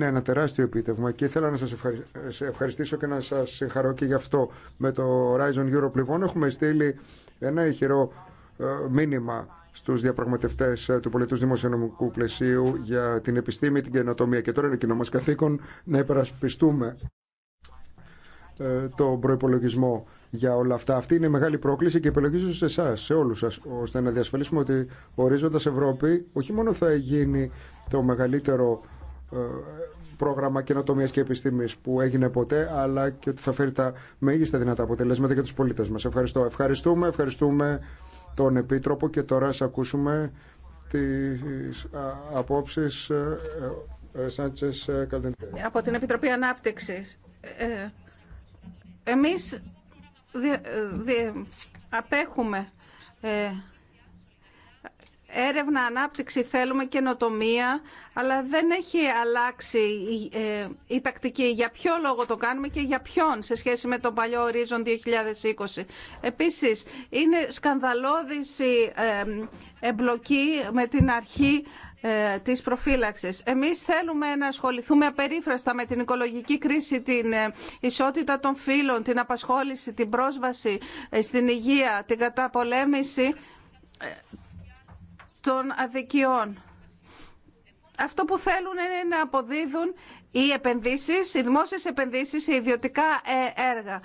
Είναι ένα τεράστιο επίτευγμα και ήθελα να σας ευχαριστήσω και να σας συγχαρώ και γι' αυτό. Με το Horizon Europe λοιπόν έχουμε στείλει ένα ηχηρό ε, μήνυμα στους διαπραγματευτές ε, του πολιτού δημοσιονομικού πλαισίου για την επιστήμη, την καινοτομία και τώρα είναι κοινό μας καθήκον να υπερασπιστούμε ε, το προπολογισμό για όλα αυτά. Αυτή είναι η μεγάλη πρόκληση και επιλογίζω σε εσά, σε όλου σα, ώστε να διασφαλίσουμε ότι ορίζοντα Ευρώπη όχι μόνο θα γίνει το μεγαλύτερο ε, πρόγραμμα καινοτομία και επιστήμη που έγινε ποτέ, αλλά και ότι θα φέρει τα μέγιστα δυνατά αποτελέσματα για του πολίτε μα. Ευχαριστώ. Ευχαριστούμε, ευχαριστούμε τον Επίτροπο και τώρα σας ακούσουμε τις ε, απόψει. Ε, Σάντσες Από την Επιτροπή Ανάπτυξης. Ε, εμείς απέχουμε ε, έρευνα, ανάπτυξη θέλουμε, καινοτομία, αλλά δεν έχει αλλάξει ε, η, τακτική. Για ποιο λόγο το κάνουμε και για ποιον σε σχέση με τον παλιό ορίζον 2020. Επίσης, είναι σκανδαλώδης ε, εμπλοκή με την αρχή ε, της προφύλαξης. Εμείς θέλουμε να ασχοληθούμε απερίφραστα με την οικολογική κρίση, την ε, ισότητα των φύλων, την απασχόληση, την πρόσβαση στην υγεία, την καταπολέμηση των αδικιών. Αυτό που θέλουν είναι να αποδίδουν οι επενδύσεις, οι δημόσιες επενδύσεις, οι ιδιωτικά ε, έργα.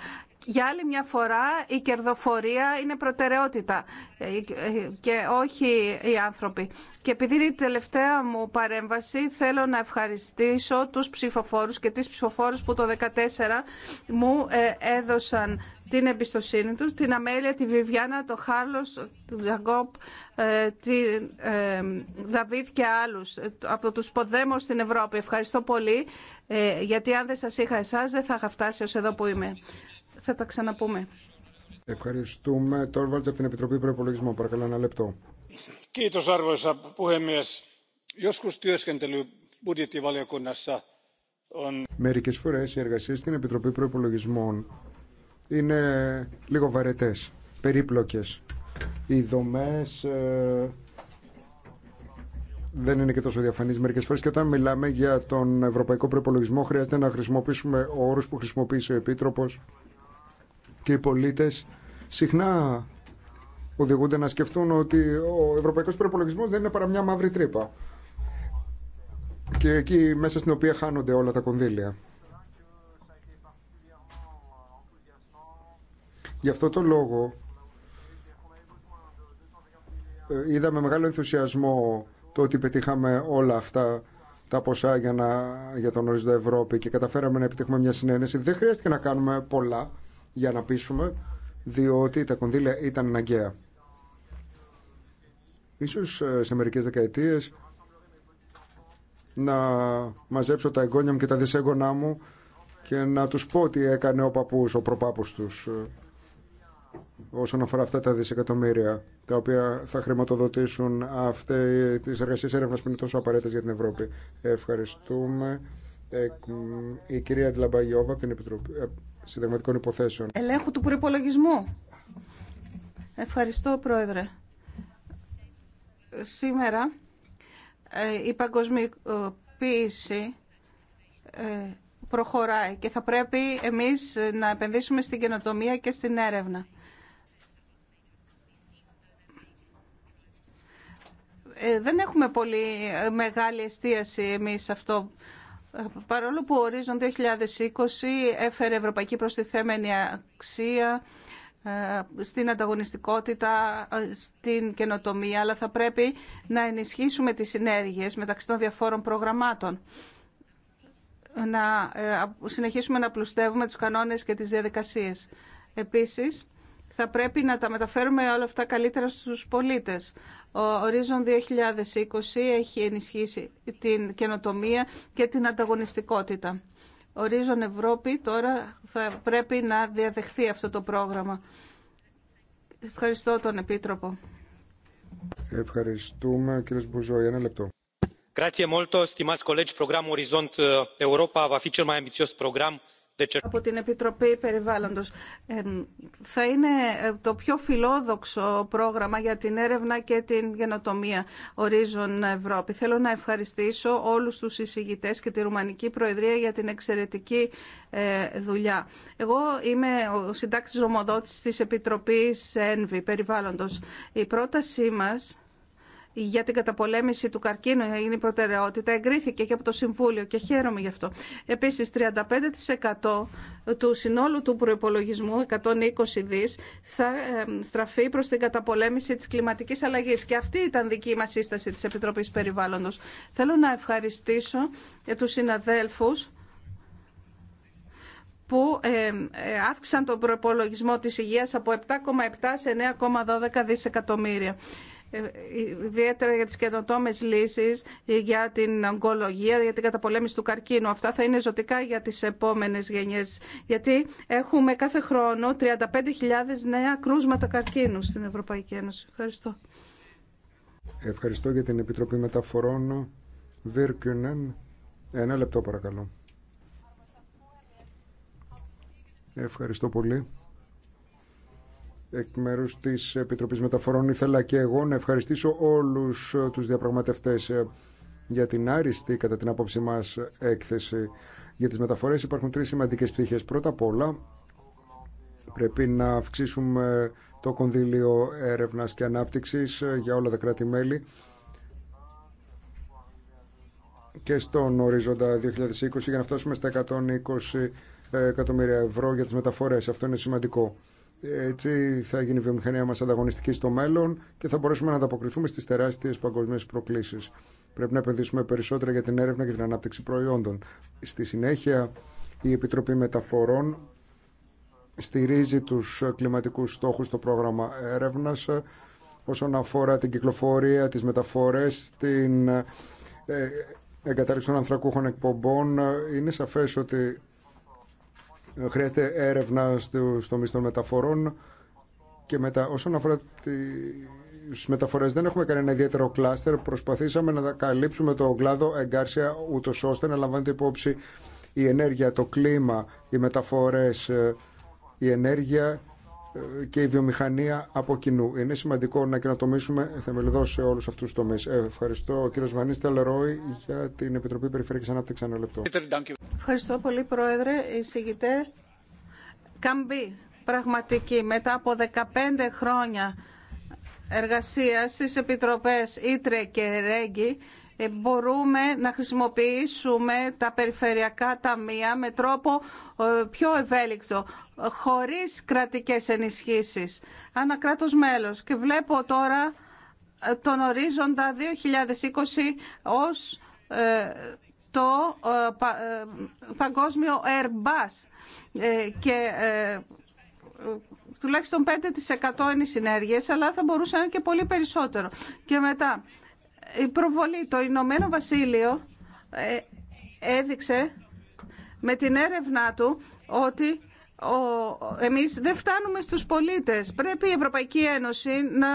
Για άλλη μια φορά η κερδοφορία είναι προτεραιότητα ε, και όχι οι άνθρωποι. Και επειδή είναι η τελευταία μου παρέμβαση θέλω να ευχαριστήσω τους ψηφοφόρους και τις ψηφοφόρους που το 2014 μου ε, έδωσαν την εμπιστοσύνη τους, την Αμέλεια, τη Βιβιάνα, τον Χάρλος, τον Ζαγκόπ, ε, την ε, Δαβίδ και άλλους ε, από τους Ποδέμους στην Ευρώπη. Ευχαριστώ πολύ, γιατί αν δεν σας είχα εσάς δεν θα είχα φτάσει ως εδώ που είμαι. Θα τα ξαναπούμε. Ευχαριστούμε. Τόρβαλτς από την Επιτροπή Προπολογισμού. Παρακαλώ ένα λεπτό. Kiitos arvoisa Μερικές φορές οι εργασίες στην Επιτροπή Προϋπολογισμών είναι λίγο βαρετές, περίπλοκες. Οι δομές ε, δεν είναι και τόσο διαφανείς μερικές φορές και όταν μιλάμε για τον ευρωπαϊκό προπολογισμό χρειάζεται να χρησιμοποιήσουμε όρους που χρησιμοποίησε ο Επίτροπος και οι πολίτες συχνά οδηγούνται να σκεφτούν ότι ο ευρωπαϊκός προπολογισμό δεν είναι παρά μια μαύρη τρύπα και εκεί μέσα στην οποία χάνονται όλα τα κονδύλια. Γι' αυτό το λόγο ε, είδαμε μεγάλο ενθουσιασμό το ότι πετύχαμε όλα αυτά τα ποσά για, να, για τον ορίζοντα Ευρώπη και καταφέραμε να επιτύχουμε μια συνένεση. Δεν χρειάστηκε να κάνουμε πολλά για να πείσουμε, διότι τα κονδύλια ήταν αναγκαία. Ίσως ε, σε μερικές δεκαετίες να μαζέψω τα εγγόνια μου και τα δυσέγγονά μου και να τους πω τι έκανε ο παππούς, ο προπάπους τους όσον αφορά αυτά τα δισεκατομμύρια τα οποία θα χρηματοδοτήσουν αυτές τις εργασίες έρευνα που είναι τόσο απαραίτητε για την Ευρώπη. Ευχαριστούμε. Η κυρία Αντιλαμπαγιώβα από την Επιτροπή ε, Συνταγματικών Υποθέσεων. Ελέγχου του προπολογισμού. Ευχαριστώ, Πρόεδρε. Σήμερα ε, η παγκοσμιοποίηση ε, προχωράει και θα πρέπει εμείς να επενδύσουμε στην καινοτομία και στην έρευνα. Ε, δεν έχουμε πολύ ε, μεγάλη εστίαση εμείς σε αυτό. Ε, παρόλο που ο ορίζον 2020 έφερε ευρωπαϊκή προστιθέμενη αξία στην ανταγωνιστικότητα, στην καινοτομία, αλλά θα πρέπει να ενισχύσουμε τις συνέργειες μεταξύ των διαφόρων προγραμμάτων. Να συνεχίσουμε να πλουστεύουμε τους κανόνες και τις διαδικασίες. Επίσης, θα πρέπει να τα μεταφέρουμε όλα αυτά καλύτερα στους πολίτες. Ο Horizon 2020 έχει ενισχύσει την καινοτομία και την ανταγωνιστικότητα. Ο Horizon Ευρώπη τώρα θα πρέπει να διαδεχθεί αυτό το πρόγραμμα. Ευχαριστώ τον Επίτροπο. Ευχαριστούμε κύριε για Ένα λεπτό. Grazie molto, stimați colegi, programul Orizont Europa va fi cel mai ambițios program από την Επιτροπή Περιβάλλοντος. θα είναι ε, το πιο φιλόδοξο πρόγραμμα για την έρευνα και την γενοτομία Ορίζων Ευρώπη. Θέλω να ευχαριστήσω όλους τους εισηγητές και τη Ρουμανική Προεδρία για την εξαιρετική ε, δουλειά. Εγώ είμαι ο συντάξης ρομοδότης της Επιτροπής ΕΝΒΗ Περιβάλλοντος. Η πρότασή μας για την καταπολέμηση του καρκίνου είναι η προτεραιότητα. Εγκρίθηκε και από το Συμβούλιο και χαίρομαι γι' αυτό. Επίσης, 35% του συνόλου του προπολογισμού, 120 δις, θα στραφεί προς την καταπολέμηση της κλιματικής αλλαγής. Και αυτή ήταν δική μας σύσταση τη Επιτροπή Περιβάλλοντος. Θέλω να ευχαριστήσω ε, του συναδέλφου που ε, αύξησαν τον προπολογισμό της υγείας από 7,7 σε 9,12 δισεκατομμύρια. Ε, ε, ιδιαίτερα για τις καινοτόμες λύσεις, για την ογκολογία, για την καταπολέμηση του καρκίνου. Αυτά θα είναι ζωτικά για τις επόμενες γενιές, γιατί έχουμε κάθε χρόνο 35.000 νέα κρούσματα καρκίνου στην Ευρωπαϊκή Ένωση. Ευχαριστώ. Ευχαριστώ για την Επιτροπή Μεταφορών. Βίρκουνεν, ένα λεπτό παρακαλώ. Ευχαριστώ πολύ εκ μέρους της Επιτροπής Μεταφορών ήθελα και εγώ να ευχαριστήσω όλους ε, τους διαπραγματευτές ε, για την άριστη κατά την άποψή μας έκθεση για τις μεταφορές υπάρχουν τρεις σημαντικές πτυχές πρώτα απ' όλα πρέπει να αυξήσουμε το κονδύλιο έρευνας και ανάπτυξης ε, για όλα τα κράτη-μέλη και στον ορίζοντα 2020 για να φτάσουμε στα 120 εκατομμύρια ευρώ για τις μεταφορές αυτό είναι σημαντικό έτσι θα γίνει η βιομηχανία μας ανταγωνιστική στο μέλλον και θα μπορέσουμε να ανταποκριθούμε στις τεράστιες παγκοσμίες προκλήσεις. Πρέπει να επενδύσουμε περισσότερα για την έρευνα και την ανάπτυξη προϊόντων. Στη συνέχεια, η Επιτροπή Μεταφορών στηρίζει τους κλιματικούς στόχους στο πρόγραμμα έρευνας όσον αφορά την κυκλοφορία, τις μεταφορές, την ε, εγκατάλειψη των ανθρακούχων εκπομπών. Είναι σαφές ότι Χρειάζεται έρευνα στο, στο μισθό μεταφορών και μετά όσον αφορά τις μεταφορές δεν έχουμε κανένα ιδιαίτερο κλάστερ. Προσπαθήσαμε να καλύψουμε το κλάδο εγκάρσια ούτω ώστε να λαμβάνεται υπόψη η ενέργεια, το κλίμα, οι μεταφορές, ε, η ενέργεια ε, και η βιομηχανία από κοινού. Είναι σημαντικό να κοινοτομήσουμε θεμελιδώ σε όλου αυτού του τομεί. Ε, ευχαριστώ, κύριο Βανίστα Λερόι, για την Επιτροπή Περιφερειακή Ανάπτυξη. Ένα λεπτό. Ευχαριστώ πολύ, Πρόεδρε. Εισηγητέ, καμπή πραγματική. Μετά από 15 χρόνια εργασίας στις Επιτροπές Ήτρε και Ρέγγι, ε, μπορούμε να χρησιμοποιήσουμε τα περιφερειακά ταμεία με τρόπο ε, πιο ευέλικτο, χωρίς κρατικές ενισχύσεις. Ανά κράτος μέλος. Και βλέπω τώρα ε, τον ορίζοντα 2020 ως το ε, ε, παγκόσμιο Airbus ε, και τουλάχιστον 5% είναι οι συνέργειες, αλλά θα μπορούσαν και πολύ περισσότερο. Και μετά, η προβολή, το Ηνωμένο Βασίλειο έδειξε με την έρευνά του ότι εμείς δεν φτάνουμε στους πολίτες. Πρέπει η Ευρωπαϊκή Ένωση να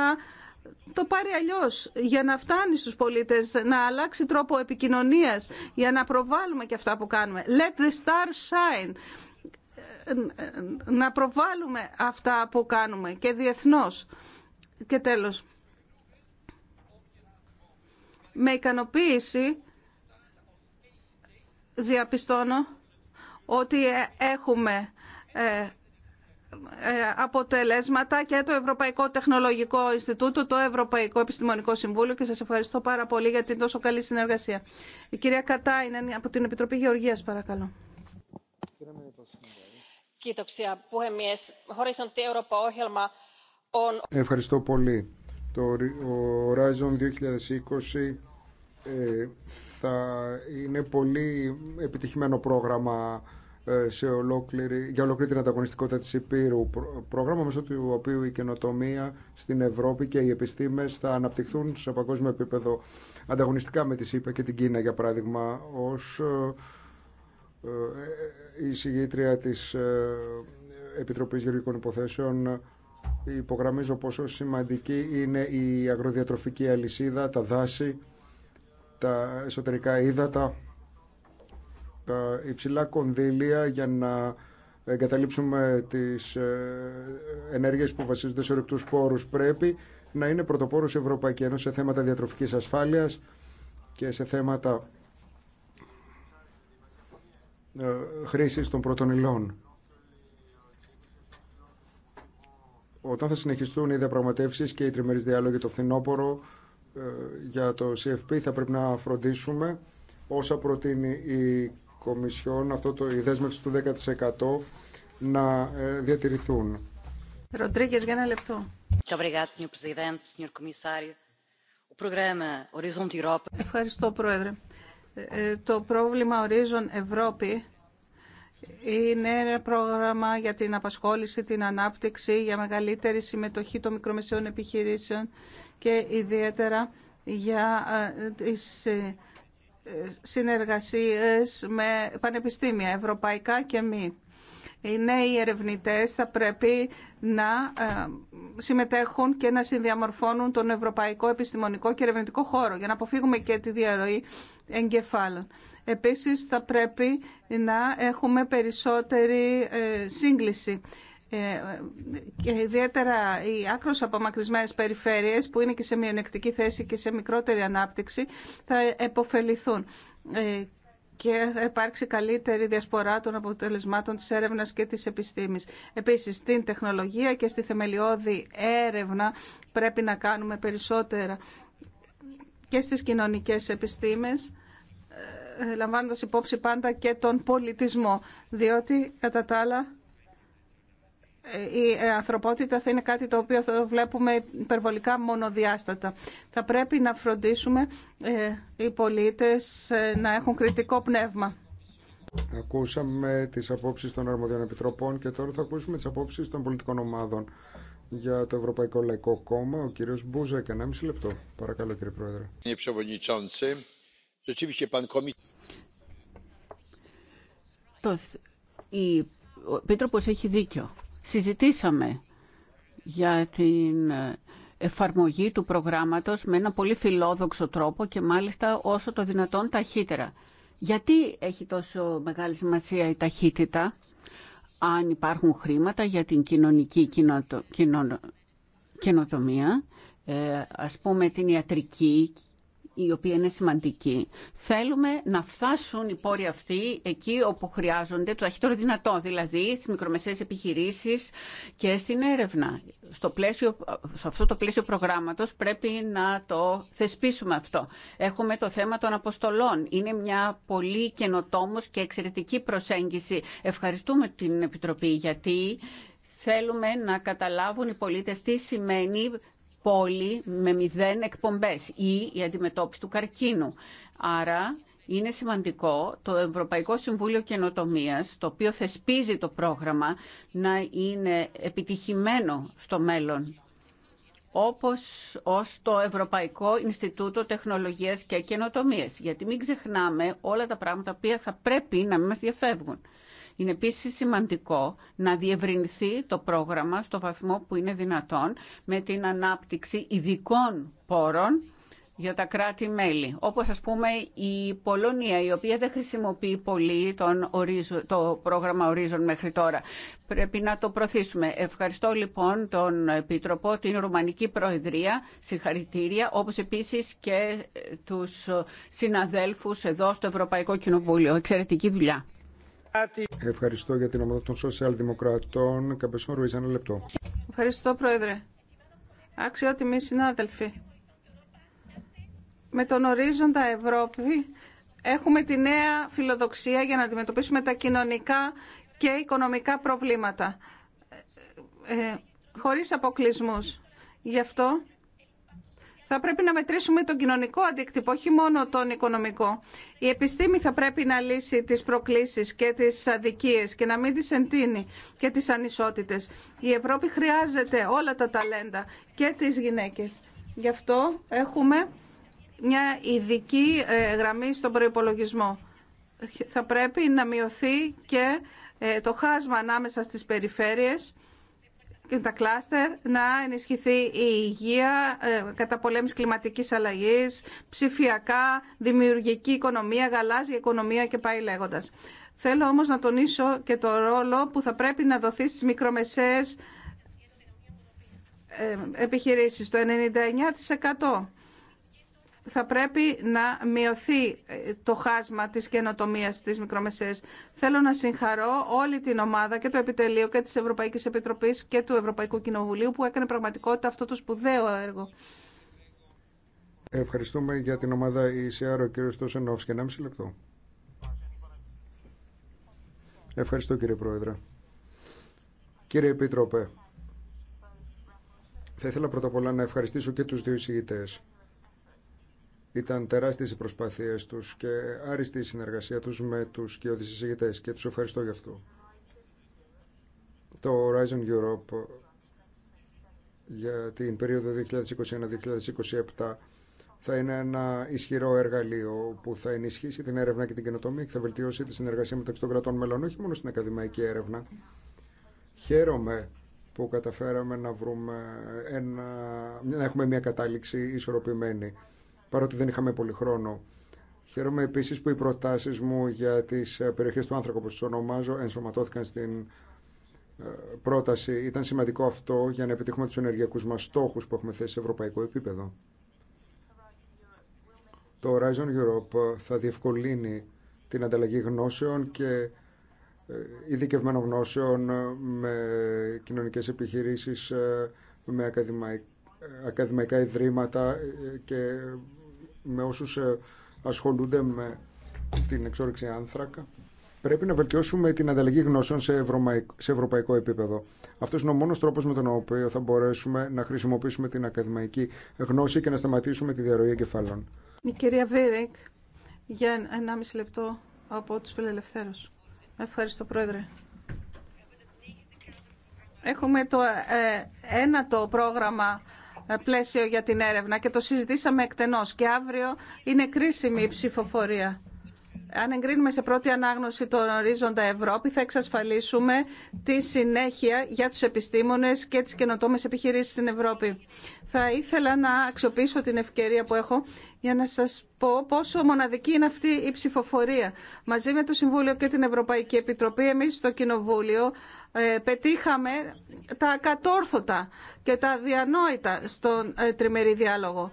το πάρει αλλιώ για να φτάνει στους πολίτες, να αλλάξει τρόπο επικοινωνία για να προβάλλουμε και αυτά που κάνουμε. Let the stars shine. Να προβάλλουμε αυτά που κάνουμε και διεθνώς. Και τέλος. Με ικανοποίηση διαπιστώνω ότι έχουμε ε, ε, αποτελέσματα και το Ευρωπαϊκό Τεχνολογικό Ινστιτούτο, το Ευρωπαϊκό Επιστημονικό Συμβούλιο και σας ευχαριστώ πάρα πολύ για την τόσο καλή συνεργασία. Η κυρία είναι από την Επιτροπή Γεωργίας, παρακαλώ. Ευχαριστώ πολύ. Το Horizon 2020 ε, θα είναι πολύ επιτυχημένο πρόγραμμα ε, σε ολόκληρη, για ολόκληρη την ανταγωνιστικότητα της Υπήρου. Πρόγραμμα μέσω του οποίου η καινοτομία στην Ευρώπη και οι επιστήμες θα αναπτυχθούν σε παγκόσμιο επίπεδο ανταγωνιστικά με τη ΣΥΠΑ και την Κίνα για παράδειγμα ως ε, ε, η συγγήτρια της Επιτροπής Γεωργικών Υποθέσεων υπογραμμίζω πόσο σημαντική είναι η αγροδιατροφική αλυσίδα, τα δάση, τα εσωτερικά ύδατα τα υψηλά κονδύλια για να εγκαταλείψουμε τις ε, ενέργειες που βασίζονται σε ορεικτούς πόρους πρέπει να είναι πρωτοπόρος Ευρωπαϊκή Ένωση σε θέματα διατροφικής ασφάλειας και σε θέματα ε, χρήσης των πρώτων υλών. Όταν θα συνεχιστούν οι διαπραγματεύσει και οι τριμερείς διάλογοι το φθινόπωρο ε, για το CFP θα πρέπει να φροντίσουμε όσα προτείνει η Κομισιόν αυτό το, η δέσμευση του 10% να ε, διατηρηθούν. Ροντρίγκε, για ένα λεπτό. Ευχαριστώ, Πρόεδρε. Ε, ε, το πρόβλημα Horizon Ευρώπη είναι ένα πρόγραμμα για την απασχόληση, την ανάπτυξη, για μεγαλύτερη συμμετοχή των μικρομεσαίων επιχειρήσεων και ιδιαίτερα για τις συνεργασίες με πανεπιστήμια, ευρωπαϊκά και μη. Οι νέοι ερευνητές θα πρέπει να ε, συμμετέχουν και να συνδιαμορφώνουν τον ευρωπαϊκό επιστημονικό και ερευνητικό χώρο για να αποφύγουμε και τη διαρροή εγκεφάλων. Επίσης θα πρέπει να έχουμε περισσότερη ε, σύγκληση ε, και ιδιαίτερα οι άκρως απομακρυσμένες περιφέρειες που είναι και σε μειονεκτική θέση και σε μικρότερη ανάπτυξη θα επωφεληθούν ε, και θα υπάρξει καλύτερη διασπορά των αποτελεσμάτων της έρευνας και της επιστήμης. Επίσης, στην τεχνολογία και στη θεμελιώδη έρευνα πρέπει να κάνουμε περισσότερα και στις κοινωνικές επιστήμες, ε, λαμβάνοντας υπόψη πάντα και τον πολιτισμό, διότι κατά τα άλλα η ανθρωπότητα θα είναι κάτι το οποίο θα βλέπουμε υπερβολικά μονοδιάστατα. Θα πρέπει να φροντίσουμε ε, οι πολίτες ε, να έχουν κριτικό πνεύμα. Ακούσαμε τις απόψεις των αρμοδιών επιτροπών και τώρα θα ακούσουμε τις απόψεις των πολιτικών ομάδων για το Ευρωπαϊκό Λαϊκό Κόμμα. Ο κύριος Μπούζα, μισή λεπτό. Παρακαλώ κύριε Πρόεδρε. ο πίτροπος έχει δίκιο συζητήσαμε για την εφαρμογή του προγράμματος με ένα πολύ φιλόδοξο τρόπο και μάλιστα όσο το δυνατόν ταχύτερα. Γιατί έχει τόσο μεγάλη σημασία η ταχύτητα, αν υπάρχουν χρήματα για την κοινωνική κοινοτο... κοινο... καινοτομία, ε, ας πούμε την ιατρική η οποία είναι σημαντική. Θέλουμε να φτάσουν οι πόροι αυτοί εκεί όπου χρειάζονται το ταχύτερο δυνατό, δηλαδή στις μικρομεσαίες επιχειρήσεις και στην έρευνα. Στο πλαίσιο, σε αυτό το πλαίσιο προγράμματος πρέπει να το θεσπίσουμε αυτό. Έχουμε το θέμα των αποστολών. Είναι μια πολύ καινοτόμο και εξαιρετική προσέγγιση. Ευχαριστούμε την Επιτροπή γιατί θέλουμε να καταλάβουν οι πολίτες τι σημαίνει πόλη με μηδέν εκπομπές ή η αντιμετώπιση του καρκίνου. Άρα είναι σημαντικό το Ευρωπαϊκό Συμβούλιο Καινοτομίας, το οποίο θεσπίζει το πρόγραμμα, να είναι επιτυχημένο στο μέλλον όπως ως το Ευρωπαϊκό Ινστιτούτο Τεχνολογίας και Καινοτομίας. Γιατί μην ξεχνάμε όλα τα πράγματα που θα πρέπει να μην μας διαφεύγουν. Είναι επίση σημαντικό να διευρυνθεί το πρόγραμμα στο βαθμό που είναι δυνατόν με την ανάπτυξη ειδικών πόρων για τα κράτη-μέλη. Όπως ας πούμε η Πολωνία, η οποία δεν χρησιμοποιεί πολύ τον ορίζο, το πρόγραμμα ορίζων μέχρι τώρα. Πρέπει να το προωθήσουμε. Ευχαριστώ λοιπόν τον Επίτροπο, την Ρουμανική Προεδρία, συγχαρητήρια, όπως επίσης και τους συναδέλφους εδώ στο Ευρωπαϊκό Κοινοβούλιο. Εξαιρετική δουλειά. Ευχαριστώ για την ομάδα των Σοσιαλδημοκρατών. Καπεσμό Ρουίζα, ένα λεπτό. Ευχαριστώ, Πρόεδρε. Αξιότιμοι συνάδελφοι. Με τον ορίζοντα Ευρώπη έχουμε τη νέα φιλοδοξία για να αντιμετωπίσουμε τα κοινωνικά και οικονομικά προβλήματα. Ε, χωρίς αποκλεισμούς. Γι' αυτό θα πρέπει να μετρήσουμε τον κοινωνικό αντίκτυπο, όχι μόνο τον οικονομικό. Η επιστήμη θα πρέπει να λύσει τις προκλήσεις και τις αδικίες και να μην τις εντείνει και τις ανισότητες. Η Ευρώπη χρειάζεται όλα τα ταλέντα και τις γυναίκες. Γι' αυτό έχουμε μια ειδική ε, γραμμή στον προϋπολογισμό. Θα πρέπει να μειωθεί και ε, το χάσμα ανάμεσα στις περιφέρειες τα κλάστερ, να ενισχυθεί η υγεία, ε, κατά πολέμης κλιματικής αλλαγής, ψηφιακά, δημιουργική οικονομία, γαλάζια οικονομία και πάει λέγοντας. Θέλω όμως να τονίσω και το ρόλο που θα πρέπει να δοθεί στις μικρομεσαίες ε, επιχειρήσεις, το 99% θα πρέπει να μειωθεί ε, το χάσμα της καινοτομίας της μικρομεσαίας. Θέλω να συγχαρώ όλη την ομάδα και το Επιτελείο και της Ευρωπαϊκής Επιτροπής και του Ευρωπαϊκού Κοινοβουλίου που έκανε πραγματικότητα αυτό το σπουδαίο έργο. Ευχαριστούμε για την ομάδα ECR ο κύριος Τόσενόφς και μισή λεπτό. Ευχαριστώ κύριε Πρόεδρε. Κύριε Επίτροπε, θα ήθελα πρώτα απ' όλα να ευχαριστήσω και τους δύο εισηγητές ήταν τεράστιε οι προσπάθειές τους και άριστη η συνεργασία τους με τους κοιότητε συζητητές και του ευχαριστώ γι' αυτό. Το Horizon Europe για την περίοδο 2021-2027 θα είναι ένα ισχυρό εργαλείο που θα ενισχύσει την έρευνα και την καινοτομία και θα βελτιώσει τη συνεργασία μεταξύ των κρατών μελών, όχι μόνο στην ακαδημαϊκή έρευνα. Χαίρομαι που καταφέραμε να βρούμε ένα, να έχουμε μια κατάληξη ισορροπημένη παρότι δεν είχαμε πολύ χρόνο. Χαίρομαι επίσης που οι προτάσεις μου για τις ε, περιοχές του άνθρακα, όπως τις ονομάζω, ενσωματώθηκαν στην ε, πρόταση. Ήταν σημαντικό αυτό για να επιτύχουμε τους ενεργειακούς μας στόχους που έχουμε θέσει σε ευρωπαϊκό επίπεδο. Το Horizon Europe ε, θα διευκολύνει την ανταλλαγή γνώσεων και ειδικευμένων γνώσεων με κοινωνικές επιχειρήσεις, με ακαδημαϊκά ιδρύματα και με όσους ε, ασχολούνται με την εξόρυξη άνθρακα. Πρέπει να βελτιώσουμε την ανταλλαγή γνώσεων σε, σε ευρωπαϊκό επίπεδο. Αυτό είναι ο μόνο τρόπο με τον οποίο θα μπορέσουμε να χρησιμοποιήσουμε την ακαδημαϊκή γνώση και να σταματήσουμε τη διαρροή εγκεφαλών. Η κυρία για 1,5 λεπτό από του φιλελευθέρου. Ευχαριστώ, Πρόεδρε. Έχουμε το ε, ένατο πρόγραμμα ε, πλαίσιο για την έρευνα και το συζητήσαμε εκτενώς και αύριο είναι κρίσιμη η ψηφοφορία. Αν εγκρίνουμε σε πρώτη ανάγνωση τον ορίζοντα Ευρώπη, θα εξασφαλίσουμε τη συνέχεια για τους επιστήμονες και τις καινοτόμες επιχειρήσεις στην Ευρώπη. Θα ήθελα να αξιοποιήσω την ευκαιρία που έχω για να σας πω πόσο μοναδική είναι αυτή η ψηφοφορία. Μαζί με το Συμβούλιο και την Ευρωπαϊκή Επιτροπή, εμείς στο Κοινοβούλιο ε, πετύχαμε τα κατόρθωτα και τα διανόητα στον ε, τριμερή διάλογο.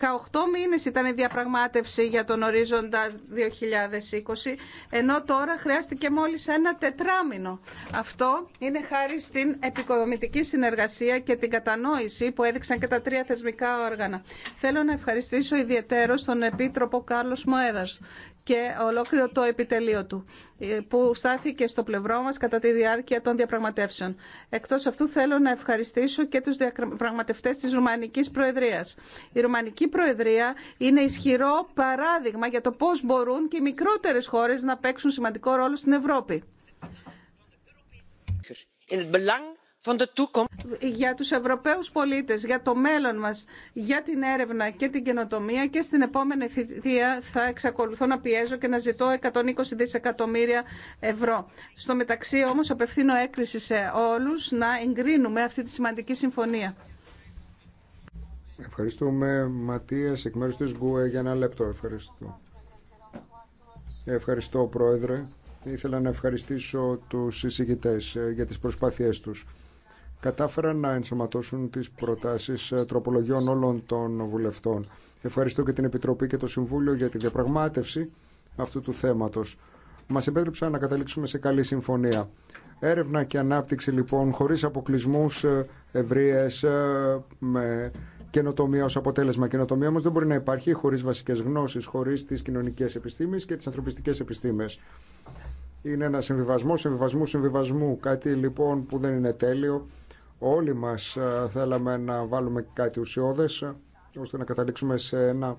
18 μήνες ήταν η διαπραγμάτευση για τον ορίζοντα 2020, ενώ τώρα χρειάστηκε μόλις ένα τετράμινο. Αυτό είναι χάρη στην επικοδομητική συνεργασία και την κατανόηση που έδειξαν και τα τρία θεσμικά όργανα. Θέλω να ευχαριστήσω ιδιαίτερο τον Επίτροπο Κάρλος Μοέδας και ολόκληρο το επιτελείο του ε, που στάθηκε στο πλευρό μας κατά τη διάρκεια των διαπραγματεύσεων. Εκτός αυτού θέλω να ευχαριστήσω και τους διαπραγματευτές της Ρουμανικής Προεδρίας. Η Ρουμανική Προεδρία είναι ισχυρό παράδειγμα για το πώς μπορούν και οι μικρότερες χώρες να παίξουν σημαντικό ρόλο στην Ευρώπη. In για τους Ευρωπαίους πολίτες, για το μέλλον μας, για την έρευνα και την καινοτομία και στην επόμενη θητεία θα εξακολουθώ να πιέζω και να ζητώ 120 δισεκατομμύρια ευρώ. Στο μεταξύ όμως απευθύνω έκκληση σε όλους να εγκρίνουμε αυτή τη σημαντική συμφωνία. Ευχαριστούμε Ματίας, εκ μέρους της για ένα λεπτό. Ευχαριστώ. Ευχαριστώ Πρόεδρε. Ήθελα να ευχαριστήσω τους συζητητές ε, για τις προσπάθειές τους κατάφεραν να ενσωματώσουν τις προτάσεις ε, τροπολογιών όλων των βουλευτών. Ευχαριστώ και την Επιτροπή και το Συμβούλιο για τη διαπραγμάτευση αυτού του θέματος. Μας επέτρεψαν να καταλήξουμε σε καλή συμφωνία. Έρευνα και ανάπτυξη λοιπόν χωρίς αποκλεισμούς ε, ευρείες ε, με καινοτομία ως αποτέλεσμα. Καινοτομία όμως δεν μπορεί να υπάρχει χωρίς βασικές γνώσεις, χωρίς τις κοινωνικές επιστήμες και τις ανθρωπιστικές επιστήμες. Είναι ένα συμβιβασμό, συμβιβασμού, συμβιβασμού. Κάτι λοιπόν που δεν είναι τέλειο Όλοι μας ε, θέλαμε να βάλουμε κάτι ουσιώδες ώστε να καταλήξουμε σε ένα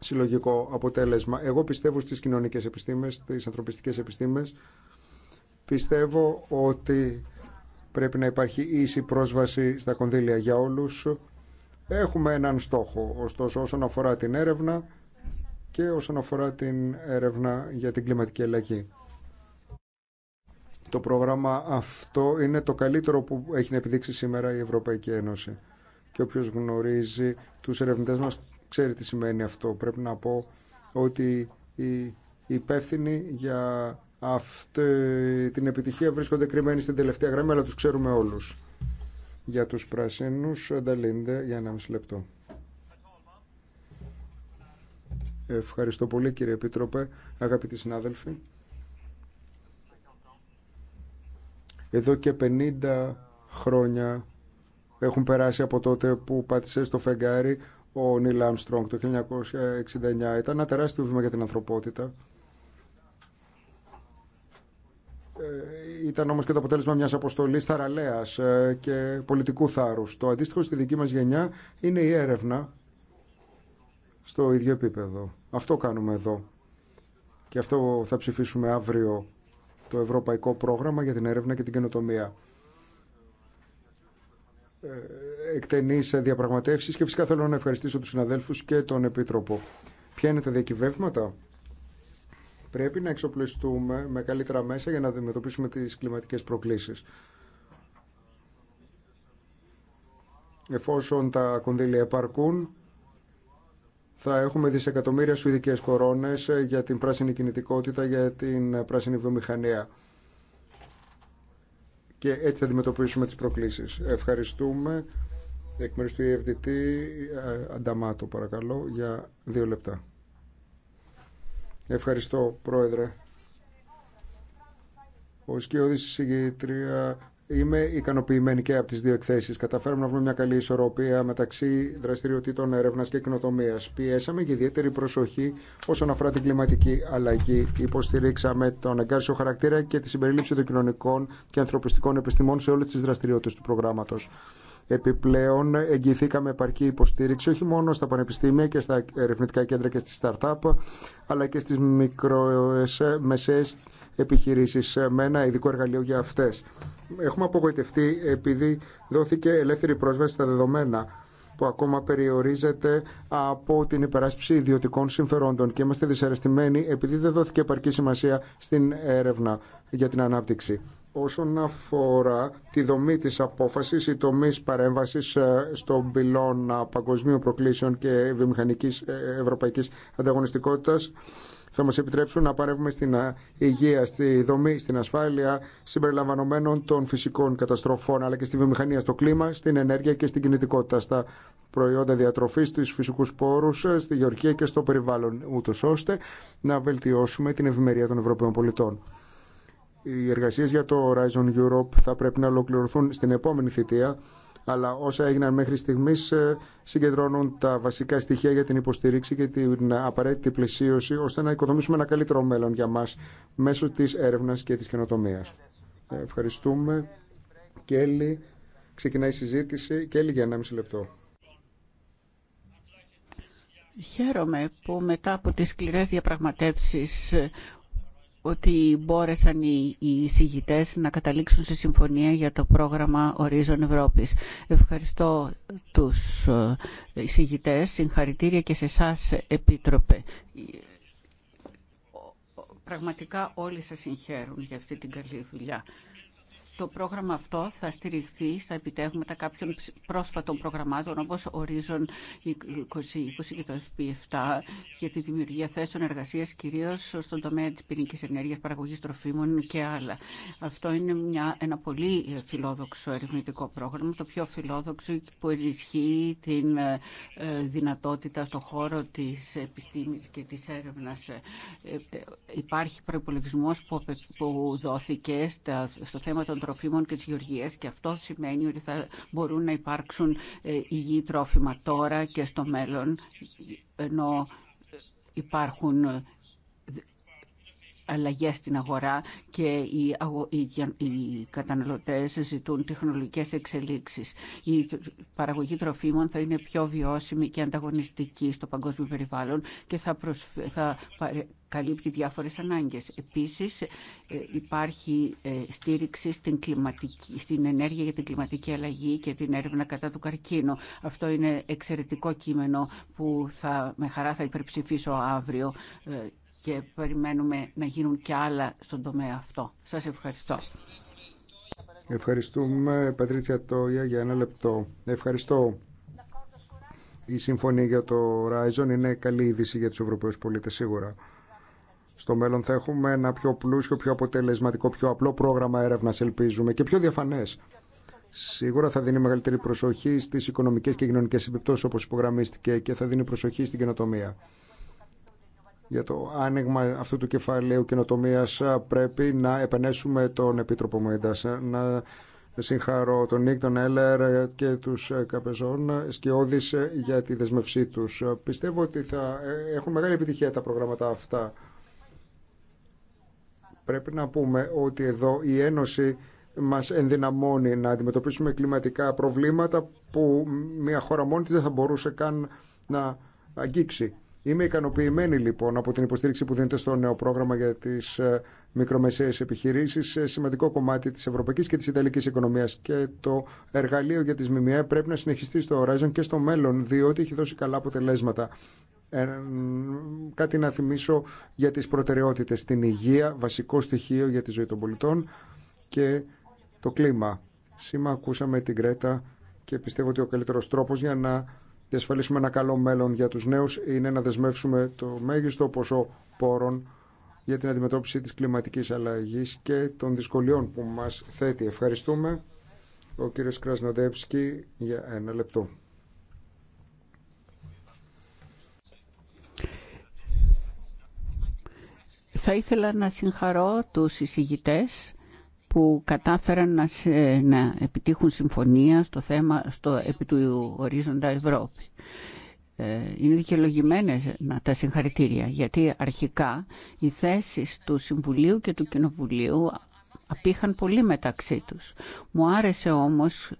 συλλογικό αποτέλεσμα. Εγώ πιστεύω στις κοινωνικές επιστήμες, στις ανθρωπιστικές επιστήμες. Πιστεύω ότι πρέπει να υπάρχει ίση πρόσβαση στα κονδύλια για όλους. Έχουμε έναν στόχο, ωστόσο όσον αφορά την έρευνα και όσον αφορά την έρευνα για την κλιματική αλλαγή. Το πρόγραμμα αυτό είναι το καλύτερο που έχει επιδείξει σήμερα η Ευρωπαϊκή Ένωση. Και οποιο γνωρίζει τους ερευνητές μας ξέρει τι σημαίνει αυτό. Πρέπει να πω ότι οι υπεύθυνοι για αυτή την επιτυχία βρίσκονται κρυμμένοι στην τελευταία γραμμή, αλλά τους ξέρουμε όλους. Για τους πράσινου. ανταλύνετε για ένα μισή λεπτό. Ευχαριστώ πολύ κύριε Επίτροπε, αγαπητοί συνάδελφοι. Εδώ και 50 χρόνια έχουν περάσει από τότε που πάτησε στο φεγγάρι ο Νίλ Άμστρονγκ το 1969. Ήταν ένα τεράστιο βήμα για την ανθρωπότητα. Ε, ήταν όμως και το αποτέλεσμα μιας αποστολής θαραλέας ε, και πολιτικού θάρρους. Το αντίστοιχο στη δική μας γενιά είναι η έρευνα στο ίδιο επίπεδο. Αυτό κάνουμε εδώ. Και αυτό θα ψηφίσουμε αύριο το Ευρωπαϊκό Πρόγραμμα για την Έρευνα και την Καινοτομία. Ε, Εκτενεί διαπραγματεύσει και φυσικά θέλω να ευχαριστήσω του συναδέλφου και τον Επίτροπο. Ποια είναι τα διακυβεύματα. Πρέπει να εξοπλιστούμε με καλύτερα μέσα για να αντιμετωπίσουμε τις κλιματικές προκλήσεις. Εφόσον τα κονδύλια επαρκούν, θα έχουμε δισεκατομμύρια σουηδικέ κορώνες ε, για την πράσινη κινητικότητα, για την ε, πράσινη βιομηχανία. Και έτσι θα αντιμετωπίσουμε τις προκλήσεις. Ευχαριστούμε. Εκ μέρου του EFDT, ε, Ανταμάτο παρακαλώ, για δύο λεπτά. Ευχαριστώ, Πρόεδρε. Ο Σκιώδης Είμαι ικανοποιημένη και από τι δύο εκθέσει. Καταφέραμε να βρούμε μια καλή ισορροπία μεταξύ δραστηριοτήτων έρευνα και κοινοτομία. Πιέσαμε και ιδιαίτερη προσοχή όσον αφορά την κλιματική αλλαγή. Υποστηρίξαμε τον εγκάρσιο χαρακτήρα και τη συμπερίληψη των κοινωνικών και ανθρωπιστικών επιστημών σε όλε τι δραστηριότητε του προγράμματο. Επιπλέον, εγγυηθήκαμε επαρκή υποστήριξη όχι μόνο στα πανεπιστήμια και στα ερευνητικά κέντρα και στι startup, αλλά και στι μικρομεσαίε επιχειρήσεις με ένα ειδικό εργαλείο για αυτές. Έχουμε απογοητευτεί επειδή δόθηκε ελεύθερη πρόσβαση στα δεδομένα που ακόμα περιορίζεται από την υπεράσπιση ιδιωτικών συμφερόντων και είμαστε δυσαρεστημένοι επειδή δεν δόθηκε επαρκή σημασία στην έρευνα για την ανάπτυξη. Όσον αφορά τη δομή της απόφασης, οι τομείς παρέμβασης ε, στον πυλώνα παγκοσμίων προκλήσεων και βιομηχανικής ε, ευρωπαϊκής ανταγωνιστικότητας, θα μας επιτρέψουν να παρεύουμε στην υγεία, στη δομή, στην ασφάλεια συμπεριλαμβανομένων των φυσικών καταστροφών αλλά και στη βιομηχανία, στο κλίμα, στην ενέργεια και στην κινητικότητα, στα προϊόντα διατροφής, στους φυσικούς πόρους, ε, στη γεωργία και στο περιβάλλον, ούτω ώστε να βελτιώσουμε την ευημερία των Ευρωπαίων πολιτών. Οι εργασίες για το Horizon Europe θα πρέπει να ολοκληρωθούν στην επόμενη θητεία αλλά όσα έγιναν μέχρι στιγμής ε, συγκεντρώνουν τα βασικά στοιχεία για την υποστηρίξη και την απαραίτητη πλαισίωση ώστε να οικοδομήσουμε ένα καλύτερο μέλλον για μας μέσω της έρευνας και της καινοτομίας. Ε, ευχαριστούμε. Κέλλη, ξεκινάει η συζήτηση. Κέλλη για 1,5 λεπτό. Χαίρομαι που μετά από τις σκληρές διαπραγματεύσεις ότι μπόρεσαν οι, οι να καταλήξουν σε συμφωνία για το πρόγραμμα Ορίζων Ευρώπης. Ευχαριστώ τους ε, συγητές, συγχαρητήρια και σε εσά Επίτροπε. Πραγματικά όλοι σας συγχαίρουν για αυτή την καλή δουλειά. Το πρόγραμμα αυτό θα στηριχθεί στα επιτεύγματα κάποιων πρόσφατων προγραμμάτων όπως ορίζουν 2020 και το FP7 για τη δημιουργία θέσεων εργασίας κυρίως στον τομέα της πυρηνικής ενέργειας, παραγωγής τροφίμων και άλλα. Αυτό είναι μια, ένα πολύ φιλόδοξο ερευνητικό πρόγραμμα, το πιο φιλόδοξο που ενισχύει την ε, δυνατότητα στον χώρο της επιστήμης και της έρευνας. Ε, ε, υπάρχει προπολογισμό που δόθηκε στο θέμα των τροφίμων και τη και αυτό σημαίνει ότι θα μπορούν να υπάρξουν ε, υγιή τρόφιμα τώρα και στο μέλλον ενώ υπάρχουν ε, αλλαγές στην αγορά και οι, αγο... καταναλωτές ζητούν τεχνολογικές εξελίξεις. Η παραγωγή τροφίμων θα είναι πιο βιώσιμη και ανταγωνιστική στο παγκόσμιο περιβάλλον και θα, προσφ... θα καλύπτει διάφορες ανάγκες. Επίσης ε, υπάρχει ε, στήριξη στην, κλιματική, στην ενέργεια για την κλιματική αλλαγή και την έρευνα κατά του καρκίνου. Αυτό είναι εξαιρετικό κείμενο που θα, με χαρά θα υπερψηφίσω αύριο ε, και περιμένουμε να γίνουν και άλλα στον τομέα αυτό. Σας ευχαριστώ. Ευχαριστούμε, Πατρίτσια Τόια, για ένα λεπτό. Ευχαριστώ. Η συμφωνία για το Horizon είναι καλή είδηση για τους Ευρωπαίους πολίτες σίγουρα. Στο μέλλον θα έχουμε ένα πιο πλούσιο, πιο αποτελεσματικό, πιο απλό πρόγραμμα έρευνα, ελπίζουμε, και πιο διαφανέ. Σίγουρα θα δίνει μεγαλύτερη προσοχή στι οικονομικέ και κοινωνικέ επιπτώσει, όπω υπογραμμίστηκε, και θα δίνει προσοχή στην καινοτομία. Για το άνοιγμα αυτού του κεφαλαίου καινοτομία πρέπει να επενέσουμε τον Επίτροπο Μοίντα. Να συγχαρώ τον Νίκ, τον Έλερ και του ε, Καπεζών ε, σκιώδη ε, για τη δεσμευσή του. Πιστεύω ότι θα έχουν μεγάλη επιτυχία τα προγράμματα αυτά. Πρέπει να πούμε ότι εδώ η Ένωση μας ενδυναμώνει να αντιμετωπίσουμε κλιματικά προβλήματα που μια χώρα μόνη της δεν θα μπορούσε καν να αγγίξει. Είμαι ικανοποιημένη λοιπόν από την υποστήριξη που δίνεται στο νέο πρόγραμμα για τις ε, μικρομεσαίες επιχειρήσεις σε σημαντικό κομμάτι της ευρωπαϊκής και της ιταλικής οικονομίας Και το εργαλείο για τις ΜΜΕ πρέπει να συνεχιστεί στο Horizon και στο μέλλον, διότι έχει δώσει καλά αποτελέσματα. Ε, κάτι να θυμίσω για τις προτεραιότητες. Την υγεία, βασικό στοιχείο για τη ζωή των πολιτών και το κλίμα. Σήμα ακούσαμε την Κρέτα και πιστεύω ότι ο καλύτερος τρόπος για να διασφαλίσουμε ένα καλό μέλλον για τους νέους είναι να δεσμεύσουμε το μέγιστο ποσό πόρων για την αντιμετώπιση της κλιματικής αλλαγής και των δυσκολιών που μας θέτει. Ευχαριστούμε. Ο κύριος Κρασνοδέψκη για ένα λεπτό. Θα ήθελα να συγχαρώ τους εισηγητές που κατάφεραν να, επιτύχουν συμφωνία στο θέμα στο, επί του ορίζοντα Ευρώπη. Ε, είναι δικαιολογημένε να τα συγχαρητήρια, γιατί αρχικά οι θέσεις του Συμβουλίου και του Κοινοβουλίου απήχαν πολύ μεταξύ τους. Μου άρεσε όμως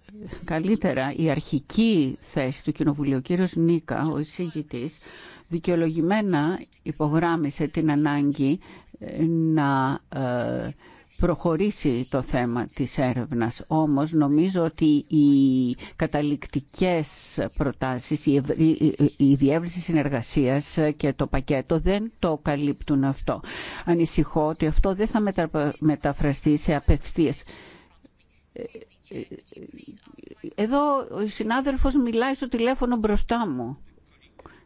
καλύτερα η αρχική θέση του Κοινοβουλίου. Ο κύριος Νίκα, ο εισηγητής, δικαιολογημένα υπογράμμισε την ανάγκη ε, να ε, προχωρήσει το θέμα της έρευνας. Όμως νομίζω ότι οι καταληκτικές προτάσεις, η, διεύρυνση συνεργασίας και το πακέτο δεν το καλύπτουν αυτό. Ανησυχώ ότι αυτό δεν θα μεταφραστεί σε απευθείας. Ε, εδώ ο συνάδελφος μιλάει στο τηλέφωνο μπροστά μου.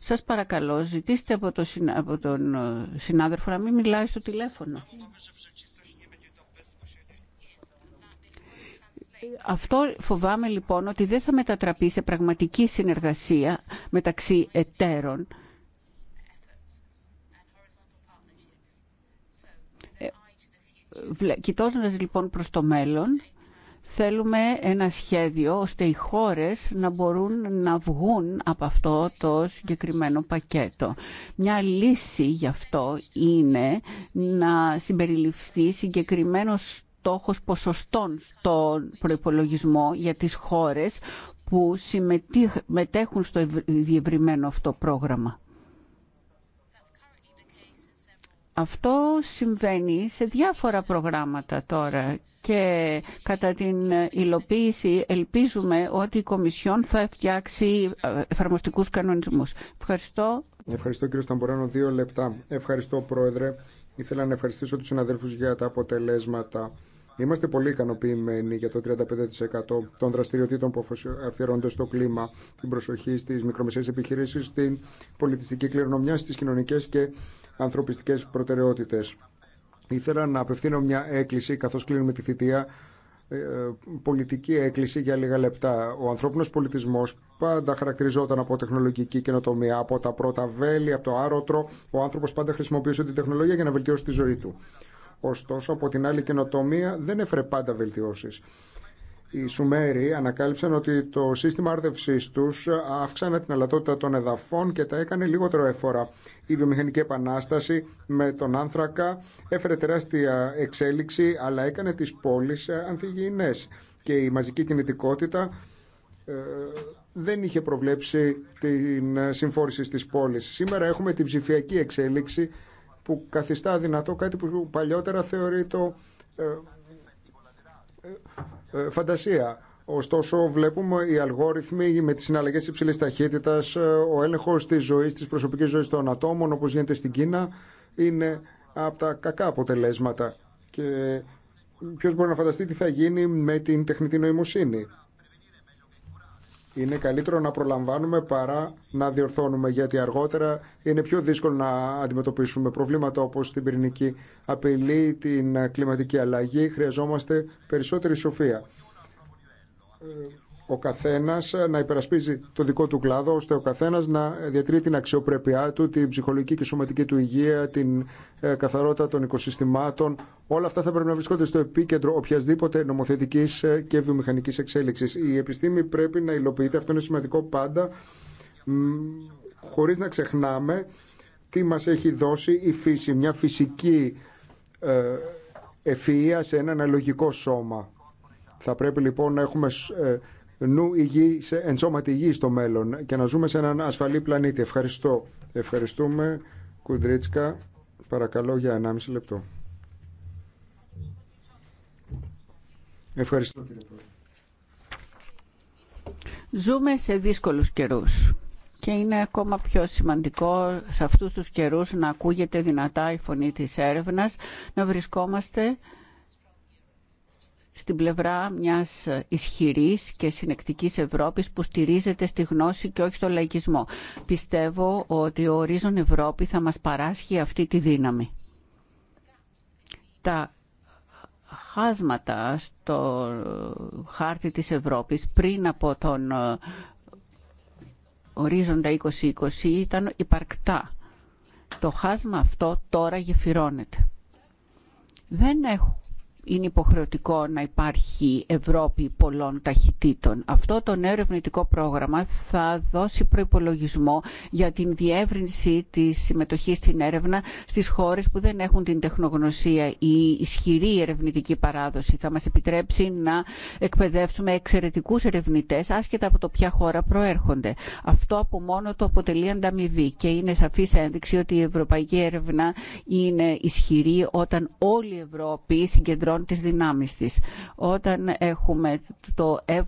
Σας παρακαλώ, ζητήστε από, το, από τον ε, συνάδελφο να μην μιλάει στο τηλέφωνο. Αυτό φοβάμαι λοιπόν ότι δεν θα μετατραπεί σε πραγματική συνεργασία μεταξύ εταίρων ε, Κοιτώντα λοιπόν προς το μέλλον Θέλουμε ένα σχέδιο ώστε οι χώρες να μπορούν να βγουν από αυτό το συγκεκριμένο πακέτο. Μια λύση γι' αυτό είναι να συμπεριληφθεί συγκεκριμένος στόχος ποσοστών στον προϋπολογισμό για τις χώρες που συμμετέχουν στο διευρυμένο αυτό πρόγραμμα. Αυτό συμβαίνει σε διάφορα προγράμματα τώρα και κατά την υλοποίηση ελπίζουμε ότι η Κομισιόν θα φτιάξει ε, εφαρμοστικούς κανονισμούς. Ευχαριστώ. Ευχαριστώ κύριε Σταμπορένο, Δύο λεπτά. Ευχαριστώ πρόεδρε. Ήθελα να ευχαριστήσω τους συναδέλφους για τα αποτελέσματα. Είμαστε πολύ ικανοποιημένοι για το 35% των δραστηριοτήτων που αφιερώνται στο κλίμα, την προσοχή στις μικρομεσαίες επιχειρήσεις, στην πολιτιστική κληρονομιά, στις κοινωνικέ και Ανθρωπιστικέ προτεραιότητε. Ήθελα να απευθύνω μια έκκληση, καθώ κλείνουμε τη θητεία, ε, πολιτική έκκληση για λίγα λεπτά. Ο ανθρώπινο πολιτισμός πάντα χαρακτηριζόταν από τεχνολογική καινοτομία, από τα πρώτα βέλη, από το άρωτρο. Ο άνθρωπος πάντα χρησιμοποιούσε την τεχνολογία για να βελτιώσει τη ζωή του. Ωστόσο, από την άλλη, καινοτομία δεν έφερε πάντα βελτιώσεις οι Σουμέροι ανακάλυψαν ότι το σύστημα άρδευσή του αύξανε την αλατότητα των εδαφών και τα έκανε λιγότερο έφορα. Η βιομηχανική επανάσταση με τον άνθρακα έφερε τεράστια εξέλιξη αλλά έκανε τις πόλεις ανθυγιεινές και η μαζική κινητικότητα ε, δεν είχε προβλέψει την συμφόρηση στις πόλεις. Σήμερα έχουμε την ψηφιακή εξέλιξη που καθιστά δυνατό κάτι που παλιότερα θεωρεί το ε, ε, φαντασία. Ωστόσο, βλέπουμε οι αλγόριθμοι με τι συναλλαγέ υψηλή ταχύτητα, ε, ο έλεγχο τη ζωή, τη προσωπική ζωή των ατόμων, όπω γίνεται στην Κίνα, είναι από τα κακά αποτελέσματα. Και ε, ποιο μπορεί να φανταστεί τι θα γίνει με την τεχνητή νοημοσύνη είναι καλύτερο να προλαμβάνουμε παρά να διορθώνουμε γιατί αργότερα είναι πιο δύσκολο να αντιμετωπίσουμε προβλήματα όπως την πυρηνική απειλή, την κλιματική αλλαγή. Χρειαζόμαστε περισσότερη σοφία. Ε, ο καθένας να υπερασπίζει το δικό του κλάδο, ώστε ο καθένας να διατηρεί την αξιοπρέπειά του, την ψυχολογική και σωματική του υγεία, την ε, καθαρότητα των οικοσυστημάτων. Όλα αυτά θα πρέπει να βρισκόνται στο επίκεντρο οποιασδήποτε νομοθετικής ε, και βιομηχανικής εξέλιξης. Η επιστήμη πρέπει να υλοποιείται, αυτό είναι σημαντικό πάντα, χωρίς να ξεχνάμε τι μας έχει δώσει η φύση, μια φυσική ε, ευφυΐα σε ένα αναλογικό σώμα. Θα πρέπει λοιπόν να έχουμε νου γη ενσώματη υγιή στο μέλλον και να ζούμε σε έναν ασφαλή πλανήτη. Ευχαριστώ. Ευχαριστούμε. Κουντρίτσκα, παρακαλώ για 1,5 λεπτό. Ευχαριστώ κύριε Πρόεδρε. Ζούμε σε δύσκολους καιρούς και είναι ακόμα πιο σημαντικό σε αυτούς τους καιρούς να ακούγεται δυνατά η φωνή της έρευνας, να βρισκόμαστε στην πλευρά μιας ισχυρής και συνεκτικής Ευρώπης που στηρίζεται στη γνώση και όχι στο λαϊκισμό. Πιστεύω ότι ο ορίζον Ευρώπη θα μας παράσχει αυτή τη δύναμη. Τα χάσματα στο χάρτη της Ευρώπης πριν από τον ε, ορίζοντα 2020 ήταν υπαρκτά. Το χάσμα αυτό τώρα γεφυρώνεται. Δεν έχω είναι υποχρεωτικό να υπάρχει Ευρώπη πολλών ταχυτήτων. Αυτό το νέο ερευνητικό πρόγραμμα θα δώσει προϋπολογισμό για την διεύρυνση της συμμετοχής στην έρευνα στις χώρες που δεν έχουν την τεχνογνωσία ή ισχυρή ερευνητική παράδοση. Θα μας επιτρέψει να εκπαιδεύσουμε εξαιρετικούς ερευνητές άσχετα από το ποια χώρα προέρχονται. Αυτό από μόνο το αποτελεί ανταμοιβή και είναι σαφής ένδειξη ότι η ευρωπαϊκή έρευνα είναι ισχυρή όταν όλη η Ευρώπη συγκεντρώνει συγκεντρώνει τις δυνάμεις της. Όταν έχουμε το 7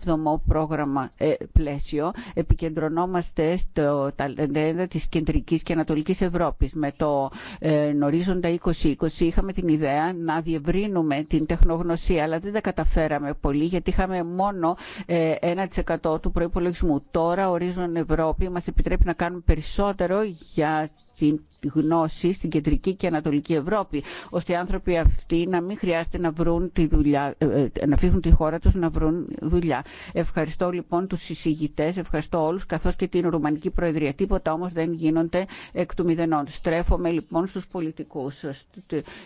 πρόγραμμα ε, πλαίσιο, επικεντρωνόμαστε στο ταλέντα της κεντρικής και ανατολικής Ευρώπης. Με το ε, νορίζοντα 2020 είχαμε την ιδέα να διευρύνουμε την τεχνογνωσία, αλλά δεν τα καταφέραμε πολύ γιατί είχαμε μόνο ε, 1% του προϋπολογισμού. Τώρα ορίζοντα Ευρώπη μας επιτρέπει να κάνουμε περισσότερο για στην γνώση στην κεντρική και ανατολική Ευρώπη, ώστε οι άνθρωποι αυτοί να μην χρειάζεται να, βρουν τη δουλειά, ε, ε, να φύγουν τη χώρα του να βρουν δουλειά. Ευχαριστώ λοιπόν του συζητητέ, ευχαριστώ όλου, καθώ και την Ρουμανική Προεδρία. Τίποτα όμω δεν γίνονται εκ του μηδενών. Στρέφομαι λοιπόν στου πολιτικού.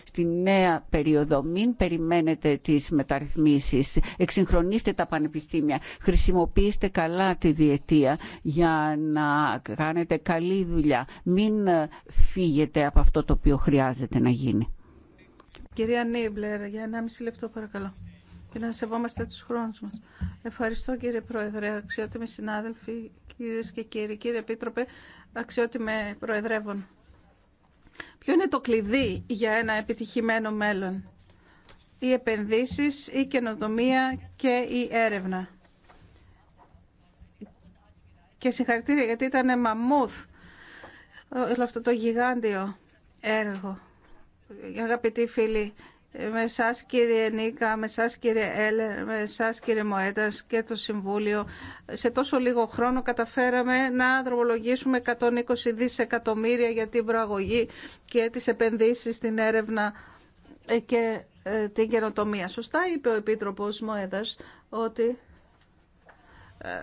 Στη νέα περίοδο μην περιμένετε τι μεταρρυθμίσει, εξυγχρονίστε τα πανεπιστήμια, χρησιμοποιήστε καλά τη διετία για να κάνετε καλή δουλειά. Μην ε, φύγετε από αυτό το οποίο χρειάζεται να γίνει. Κυρία Νίμπλερ, για 1,5 λεπτό παρακαλώ. Και να σεβόμαστε τους χρόνους μας. Ευχαριστώ κύριε Πρόεδρε, αξιότιμοι συνάδελφοι, κυρίες και κύριοι, κύριε Επίτροπε, αξιότιμε Προεδρεύων. Ποιο είναι το κλειδί για ένα επιτυχημένο μέλλον. Οι επενδύσεις, η καινοτομία και η έρευνα. Και συγχαρητήρια γιατί ήταν μαμούθ όλο αυτό το γιγάντιο έργο. Αγαπητοί φίλοι, με εσά κύριε Νίκα, με εσά κύριε Έλερ, με εσά κύριε μοετα και το Συμβούλιο, σε τόσο λίγο χρόνο καταφέραμε να δρομολογήσουμε 120 δισεκατομμύρια για την προαγωγή και τι επενδύσει στην έρευνα και ε, την καινοτομία. Σωστά είπε ο Επίτροπος Μοέτα ότι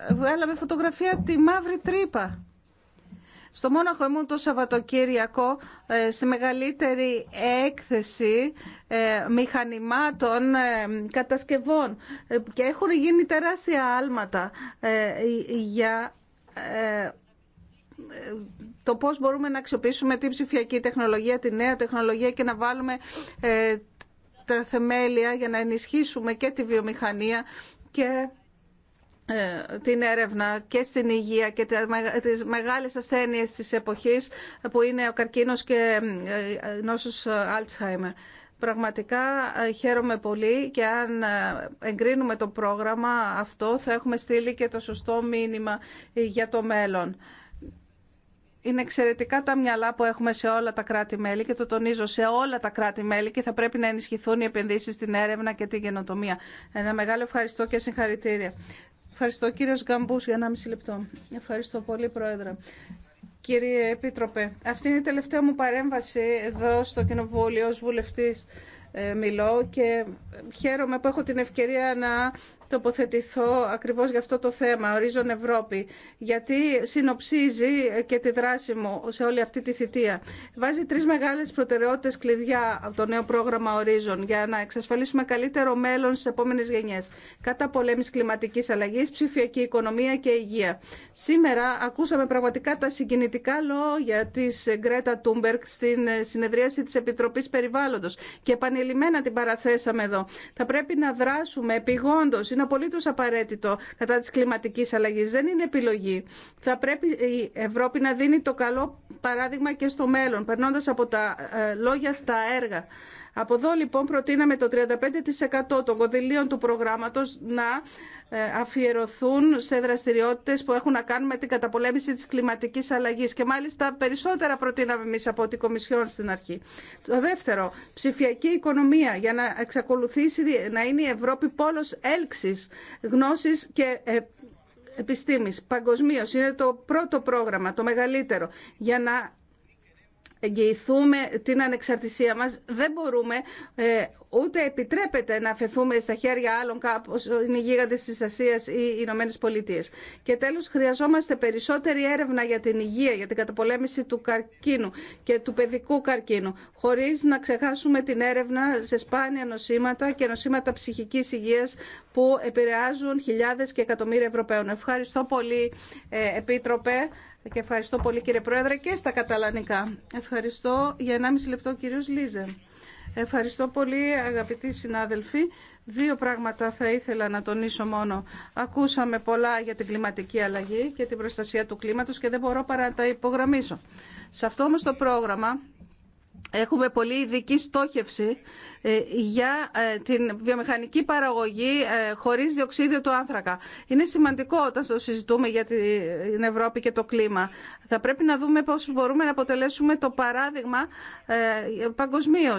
ε, βγάλαμε φωτογραφία τη μαύρη τρύπα στο Μόναχο ήμουν το Σαββατοκύριακο ε, στη μεγαλύτερη έκθεση ε, μηχανημάτων ε, κατασκευών και έχουν γίνει τεράστια άλματα για το πώς μπορούμε να αξιοποιήσουμε την ψηφιακή τεχνολογία, τη νέα τεχνολογία και να βάλουμε τα θεμέλια για να ενισχύσουμε και τη βιομηχανία και ε, την έρευνα και στην υγεία και τις μεγάλες ασθένειες της εποχής που είναι ο καρκίνος και ε, ε, νόσος Alzheimer. Πραγματικά χαίρομαι πολύ και αν εγκρίνουμε το πρόγραμμα αυτό θα έχουμε στείλει και το σωστό μήνυμα για το μέλλον. Είναι εξαιρετικά τα μυαλά που έχουμε σε όλα τα κράτη-μέλη και το τονίζω σε όλα τα κράτη-μέλη και θα πρέπει να ενισχυθούν οι επενδύσει στην έρευνα και την καινοτομία. Ένα μεγάλο ευχαριστώ και συγχαρητήρια. Ευχαριστώ κύριος Γκαμπούς για μισή λεπτό. Ευχαριστώ πολύ Πρόεδρε. Κύριε Επίτροπε, αυτή είναι η τελευταία μου παρέμβαση εδώ στο Κοινοβούλιο ως βουλευτής ε, μιλώ και χαίρομαι που έχω την ευκαιρία να τοποθετηθώ ακριβώς για αυτό το θέμα, Ορίζον Ευρώπη, γιατί συνοψίζει και τη δράση μου σε όλη αυτή τη θητεία. Βάζει τρεις μεγάλες προτεραιότητες κλειδιά από το νέο πρόγραμμα Ορίζον για να εξασφαλίσουμε καλύτερο μέλλον στις επόμενες γενιές. Κατά πολέμης κλιματικής αλλαγής, ψηφιακή οικονομία και υγεία. Σήμερα ακούσαμε πραγματικά τα συγκινητικά λόγια της Γκρέτα Τούμπερκ στην συνεδρίαση της Επιτροπής Περιβάλλοντος και επανειλημμένα την παραθέσαμε εδώ. Θα πρέπει να δράσουμε επιγόντως είναι απολύτω απαραίτητο κατά τη κλιματική αλλαγή. Δεν είναι επιλογή. Θα πρέπει η Ευρώπη να δίνει το καλό παράδειγμα και στο μέλλον, περνώντα από τα ε, λόγια στα έργα. Από εδώ λοιπόν προτείναμε το 35% των κονδυλίων του προγράμματος να ε, αφιερωθούν σε δραστηριότητες που έχουν να κάνουν με την καταπολέμηση της κλιματικής αλλαγής και μάλιστα περισσότερα προτείναμε εμεί από την Κομισιόν στην αρχή. Το δεύτερο, ψηφιακή οικονομία για να εξακολουθήσει να είναι η Ευρώπη πόλος έλξης γνώσης και ε, επιστήμης παγκοσμίω. Είναι το πρώτο πρόγραμμα, το μεγαλύτερο, για να εγγυηθούμε την ανεξαρτησία μας, δεν μπορούμε ε, ούτε επιτρέπεται να αφαιθούμε στα χέρια άλλων κάπως είναι οι γίγαντες της Ασίας ή οι Ηνωμένε Πολιτείε. Και τέλος χρειαζόμαστε περισσότερη έρευνα για την υγεία, για την καταπολέμηση του καρκίνου και του παιδικού καρκίνου, χωρίς να ξεχάσουμε την έρευνα σε σπάνια νοσήματα και νοσήματα ψυχικής υγείας που επηρεάζουν χιλιάδες και εκατομμύρια Ευρωπαίων. Ευχαριστώ πολύ, ε, Επίτροπε. Και ευχαριστώ πολύ κύριε Πρόεδρε και στα καταλανικά. Ευχαριστώ για 1,5 λεπτό κύριο κύριος Λίζε. Ευχαριστώ πολύ αγαπητοί συνάδελφοι. Δύο πράγματα θα ήθελα να τονίσω μόνο. Ακούσαμε πολλά για την κλιματική αλλαγή και την προστασία του κλίματος και δεν μπορώ παρά να τα υπογραμμίσω. Σε αυτό όμως το πρόγραμμα Έχουμε πολύ ειδική στόχευση ε, για ε, την βιομηχανική παραγωγή ε, χωρίς διοξίδιο του άνθρακα. Είναι σημαντικό όταν το συζητούμε για την Ευρώπη και το κλίμα. Θα πρέπει να δούμε πώς μπορούμε να αποτελέσουμε το παράδειγμα παγκοσμίω.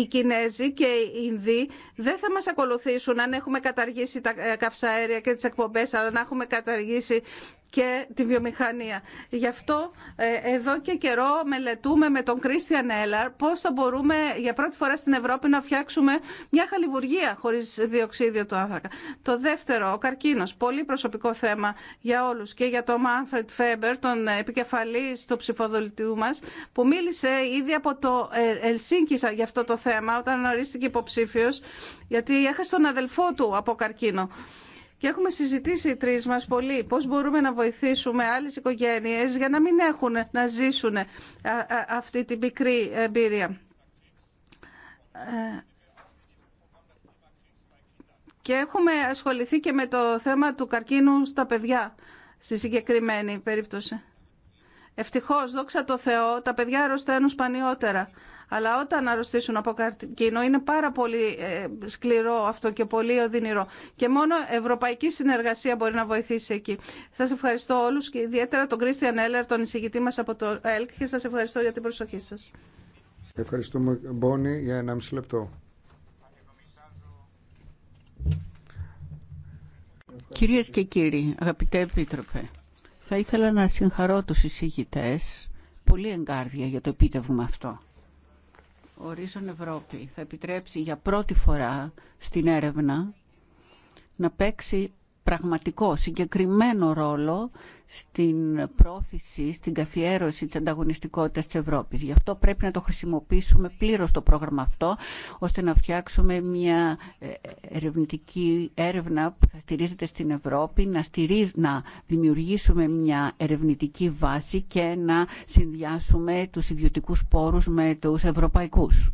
Οι Κινέζοι και οι Ινδοί δεν θα μας ακολουθήσουν αν έχουμε καταργήσει τα καυσαέρια και τις εκπομπές, αλλά να έχουμε καταργήσει και τη βιομηχανία. Γι' αυτό ε, εδώ και καιρό μελετούμε με τον Κρίστιαν Έλλαρ πώς θα μπορούμε για πρώτη φορά στην Ευρώπη να φτιάξουμε μια χαλιβουργία χωρίς διοξίδιο του άνθρακα. Το δεύτερο, ο καρκίνος, πολύ προσωπικό θέμα για όλους και για τον Μάνφρετ Φέμπερ, τον επικεφαλής του ψηφοδελτίου μας, που μίλησε ήδη από το ε, Ελσίνκη για αυτό το θέμα όταν ορίστηκε υποψήφιος, γιατί έχασε τον αδελφό του από καρκίνο. Και έχουμε συζητήσει οι τρεις μας πολύ πώς μπορούμε να βοηθήσουμε άλλε οικογένειες για να μην έχουν να ζήσουν ε, ε, αυτή την πικρή εμπειρία. Ε, και έχουμε ασχοληθεί και με το θέμα του καρκίνου στα παιδιά, στη συγκεκριμένη περίπτωση. Ευτυχώς, δόξα το Θεό τα παιδιά αρρωσταίνουν σπανιότερα. Αλλά όταν αρρωστήσουν από καρκίνο είναι πάρα πολύ ε, σκληρό αυτό και πολύ οδυνηρό. Και μόνο ευρωπαϊκή συνεργασία μπορεί να βοηθήσει εκεί. Σα ευχαριστώ όλου και ιδιαίτερα τον Κρίστιαν Έλλερ, τον εισηγητή μα από το ΕΛΚ και σα ευχαριστώ για την προσοχή σα. Ευχαριστούμε, Μπόνι, για ένα μισή λεπτό. Κυρίες και κύριοι, αγαπητέ Επίτροπε, θα ήθελα να συγχαρώ τους εισηγητές πολύ εγκάρδια για το επίτευγμα αυτό. Ορίζον Ευρώπη θα επιτρέψει για πρώτη φορά στην έρευνα να παίξει πραγματικό, συγκεκριμένο ρόλο στην πρόθεση, στην καθιέρωση της ανταγωνιστικότητας της Ευρώπης. Γι' αυτό πρέπει να το χρησιμοποιήσουμε πλήρως το πρόγραμμα αυτό, ώστε να φτιάξουμε μια ε, ερευνητική έρευνα που θα στηρίζεται στην Ευρώπη, να, στηρίζ, να δημιουργήσουμε μια ερευνητική βάση και να συνδυάσουμε τους ιδιωτικούς πόρους με τους ευρωπαϊκούς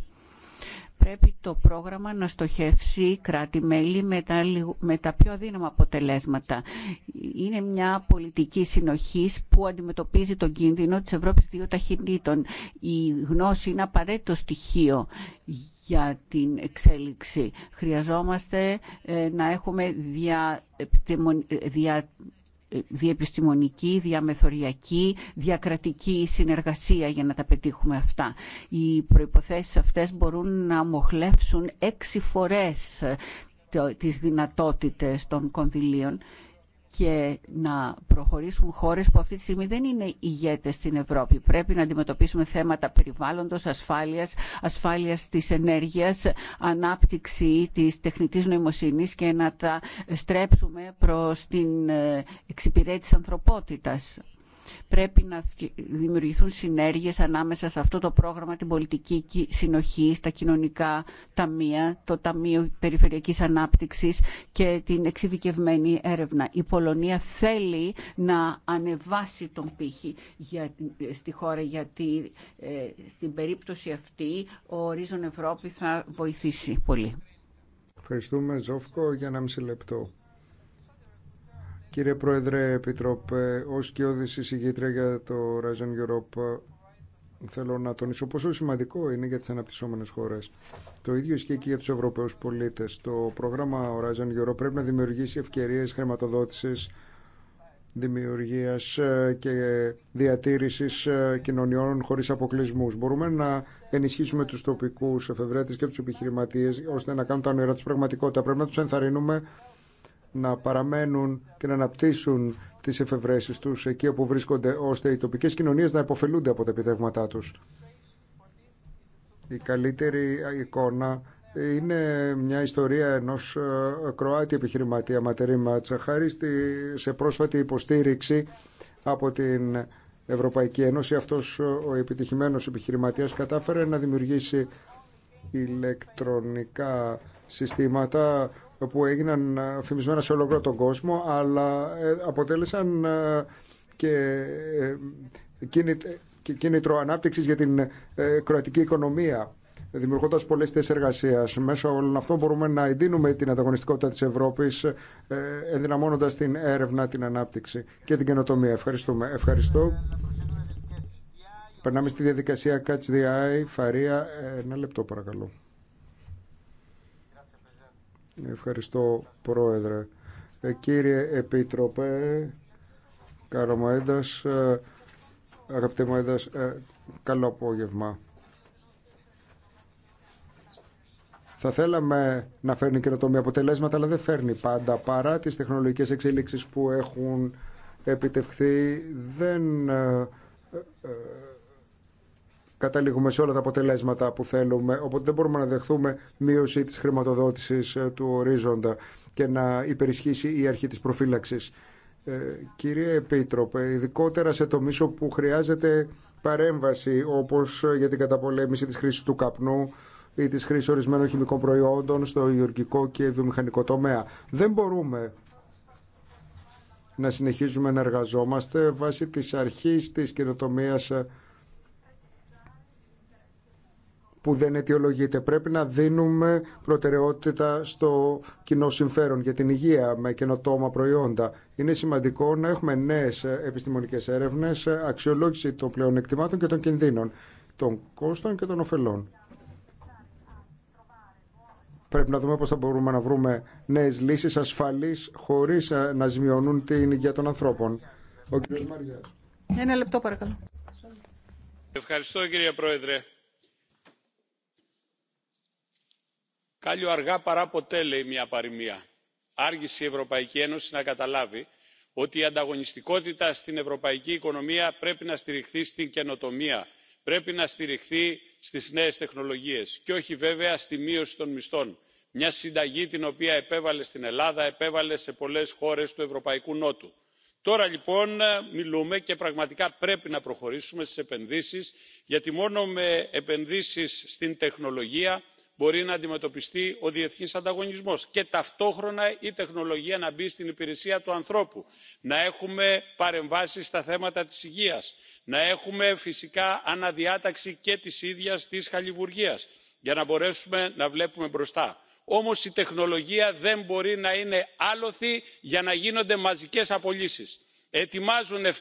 πρέπει το πρόγραμμα να στοχεύσει κράτη-μέλη με, τα πιο αδύναμα αποτελέσματα. Είναι μια πολιτική συνοχής που αντιμετωπίζει τον κίνδυνο της Ευρώπης δύο ταχυτήτων. Η γνώση είναι απαραίτητο στοιχείο για την εξέλιξη. Χρειαζόμαστε ε, να έχουμε δια, διεπιστημονική, διαμεθοριακή, διακρατική συνεργασία για να τα πετύχουμε αυτά. Οι προϋποθέσεις αυτές μπορούν να μοχλεύσουν έξι φορές τις δυνατότητες των κονδυλίων και να προχωρήσουν χώρες που αυτή τη στιγμή δεν είναι ηγέτες στην Ευρώπη. Πρέπει να αντιμετωπίσουμε θέματα περιβάλλοντος, ασφάλειας, ασφάλειας της ενέργειας, ανάπτυξη της τεχνητής νοημοσύνης και να τα στρέψουμε προς την ε, εξυπηρέτηση ανθρωπότητας. Πρέπει να δημιουργηθούν συνέργειες ανάμεσα σε αυτό το πρόγραμμα, την πολιτική συνοχή, στα κοινωνικά ταμεία, το Ταμείο Περιφερειακής Ανάπτυξης και την εξειδικευμένη έρευνα. Η Πολωνία θέλει να ανεβάσει τον πύχη για, ε, στη χώρα γιατί ε, στην περίπτωση αυτή ο Ορίζον Ευρώπη θα βοηθήσει πολύ. Ευχαριστούμε Ζόφκο για ένα μισή λεπτό. Κύριε Πρόεδρε Επιτρόπε, ως και εισηγήτρια για το Horizon Europe θέλω να τονίσω πόσο σημαντικό είναι για τις αναπτυσσόμενες χώρες. Το ίδιο ισχύει και για τους Ευρωπαίους πολίτες. Το πρόγραμμα Horizon Europe πρέπει να δημιουργήσει ευκαιρίες χρηματοδότησης δημιουργίας ε, και διατήρησης ε, κοινωνιών χωρίς αποκλεισμούς. Μπορούμε να ενισχύσουμε τους τοπικούς εφευρέτες και τους επιχειρηματίες ώστε να κάνουν τα όνειρά τους πραγματικότητα. Πρέπει να του ενθαρρύνουμε να παραμένουν και να αναπτύσσουν τις εφευρέσεις τους εκεί όπου βρίσκονται ώστε οι τοπικές κοινωνίες να υποφελούνται από τα επιτεύγματά τους. Η καλύτερη εικόνα είναι μια ιστορία ενός ε, Κροάτη επιχειρηματία Ματερή Μάτσα σε πρόσφατη υποστήριξη από την Ευρωπαϊκή Ένωση. Αυτός ε, ο επιτυχημένος επιχειρηματίας κατάφερε να δημιουργήσει ηλεκτρονικά συστήματα που έγιναν ε, φημισμένα σε όλο τον κόσμο, αλλά ε, αποτέλεσαν ε, και κίνητρο ανάπτυξης για την κροατική οικονομία δημιουργώντας πολλές θέσεις εργασία. Μέσω όλων αυτών μπορούμε να εντείνουμε την ανταγωνιστικότητα της Ευρώπης ενδυναμώνοντας την έρευνα, την ανάπτυξη και την καινοτομία. Ευχαριστούμε. Ευχαριστώ. Περνάμε στη διαδικασία Catch the Eye. Φαρία, ένα λεπτό παρακαλώ. Ευχαριστώ Πρόεδρε. Ε, κύριε Επίτροπε, Καραμαέντας, Μαέντας, ε, αγαπητέ Μαέντας, ε, καλό απόγευμα. Θα θέλαμε να φέρνει καινοτομία αποτελέσματα, αλλά δεν φέρνει πάντα. Παρά τις τεχνολογικές εξελίξεις που έχουν επιτευχθεί, δεν καταλήγουμε σε όλα τα αποτελέσματα που θέλουμε. Οπότε δεν μπορούμε να δεχθούμε μείωση τη χρηματοδότηση ε, του ορίζοντα και να υπερισχύσει η αρχή της προφύλαξης. Ε, κύριε Επίτροπε, ειδικότερα σε τομεί όπου χρειάζεται παρέμβαση, όπω για την καταπολέμηση τη χρήση του καπνού, ή τη χρήση ορισμένων χημικών προϊόντων στο γεωργικό και βιομηχανικό τομέα. Δεν μπορούμε να συνεχίζουμε να εργαζόμαστε βάσει της αρχής της καινοτομία. Ε, που δεν αιτιολογείται. Πρέπει να δίνουμε προτεραιότητα στο κοινό συμφέρον για την υγεία με καινοτόμα προϊόντα. Είναι σημαντικό να έχουμε νέε επιστημονικέ έρευνε, αξιολόγηση των πλεονεκτημάτων και των κινδύνων, των κόστων και των ωφελών. Πρέπει να δούμε πώς θα μπορούμε να βρούμε νέες λύσεις ασφαλείς χωρίς να ζημιώνουν την υγεία των ανθρώπων. Ο Ένα λεπτό παρακαλώ. Ευχαριστώ κύριε Πρόεδρε Κάλιο αργά παρά ποτέ λέει μια παροιμία. άργησε η ευρωπαϊκή ένωση να καταλάβει ότι η ανταγωνιστικότητα στην ευρωπαϊκή οικονομία πρέπει να στηριχθεί στην καινοτομία πρέπει να στηριχθεί στις νέες τεχνολογίες και όχι βέβαια στη μείωση των μισθών μια συνταγή την οποία επέβαλε στην ελλάδα επέβαλε σε πολλές χώρες του ευρωπαϊκού νότου. τώρα λοιπόν μιλούμε και πραγματικά πρέπει να προχωρήσουμε στις επενδύσεις γιατί μόνο με επενδύσεις στην τεχνολογία μπορεί να αντιμετωπιστεί ο διεθνής ανταγωνισμός και ταυτόχρονα η τεχνολογία να μπει στην υπηρεσία του ανθρώπου να έχουμε παρεμβάσεις στα θέματα της υγείας να έχουμε φυσικά αναδιάταξη και της ίδιας της χαλιβουργίας για να μπορέσουμε να βλέπουμε μπροστά. όμως η τεχνολογία δεν μπορεί να είναι άλοθη για να γίνονται μαζικές απολύσεις. ετοιμάζουν 7.000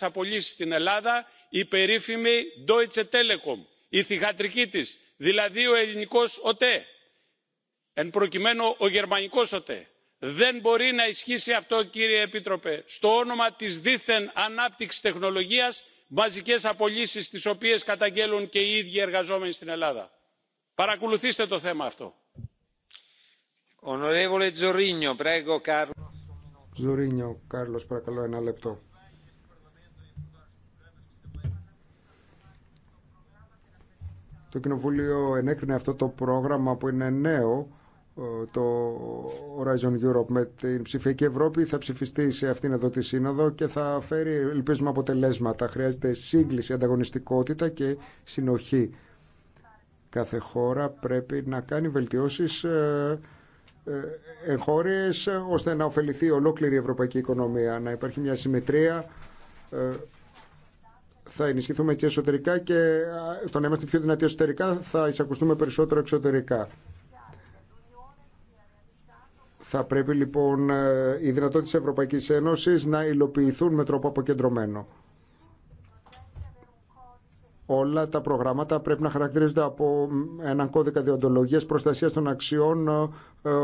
απολύσεις στην ελλάδα οι περίφημοι deutsche telekom η θυγατρική της δηλαδή ο ελληνικός οτε εν προκειμένου ο γερμανικός οτε. δεν μπορεί να ισχύσει αυτό κύριε επίτροπε στο όνομα της δίθεν ανάπτυξης τεχνολογίας μαζικέ απολύσει τι οποίες καταγγέλουν και οι ίδιοι εργαζόμενοι στην ελλάδα. παρακολουθήστε το θέμα αυτό. Ζωρίνιο, παρακαλώ ένα λεπτό. Το Κοινοβούλιο ενέκρινε αυτό το πρόγραμμα που είναι νέο, ε, το Horizon Europe με την ψηφιακή Ευρώπη θα ψηφιστεί σε αυτήν εδώ τη σύνοδο και θα φέρει ελπίζουμε αποτελέσματα. Χρειάζεται σύγκληση, ανταγωνιστικότητα και συνοχή. Κάθε χώρα πρέπει να κάνει βελτιώσεις ε, ε, εγχώριες ώστε να ωφεληθεί ολόκληρη η ευρωπαϊκή οικονομία, να υπάρχει μια συμμετρία θα ενισχυθούμε και εσωτερικά και στο να είμαστε πιο δυνατοί εσωτερικά θα εισακουστούμε περισσότερο εξωτερικά. Θα πρέπει λοιπόν ε, οι δυνατότητες της Ευρωπαϊκής Ένωσης να υλοποιηθούν με τρόπο αποκεντρωμένο. Όλα τα προγράμματα πρέπει να χαρακτηρίζονται από έναν κώδικα διοντολογίας προστασίας των αξιών ε, ε,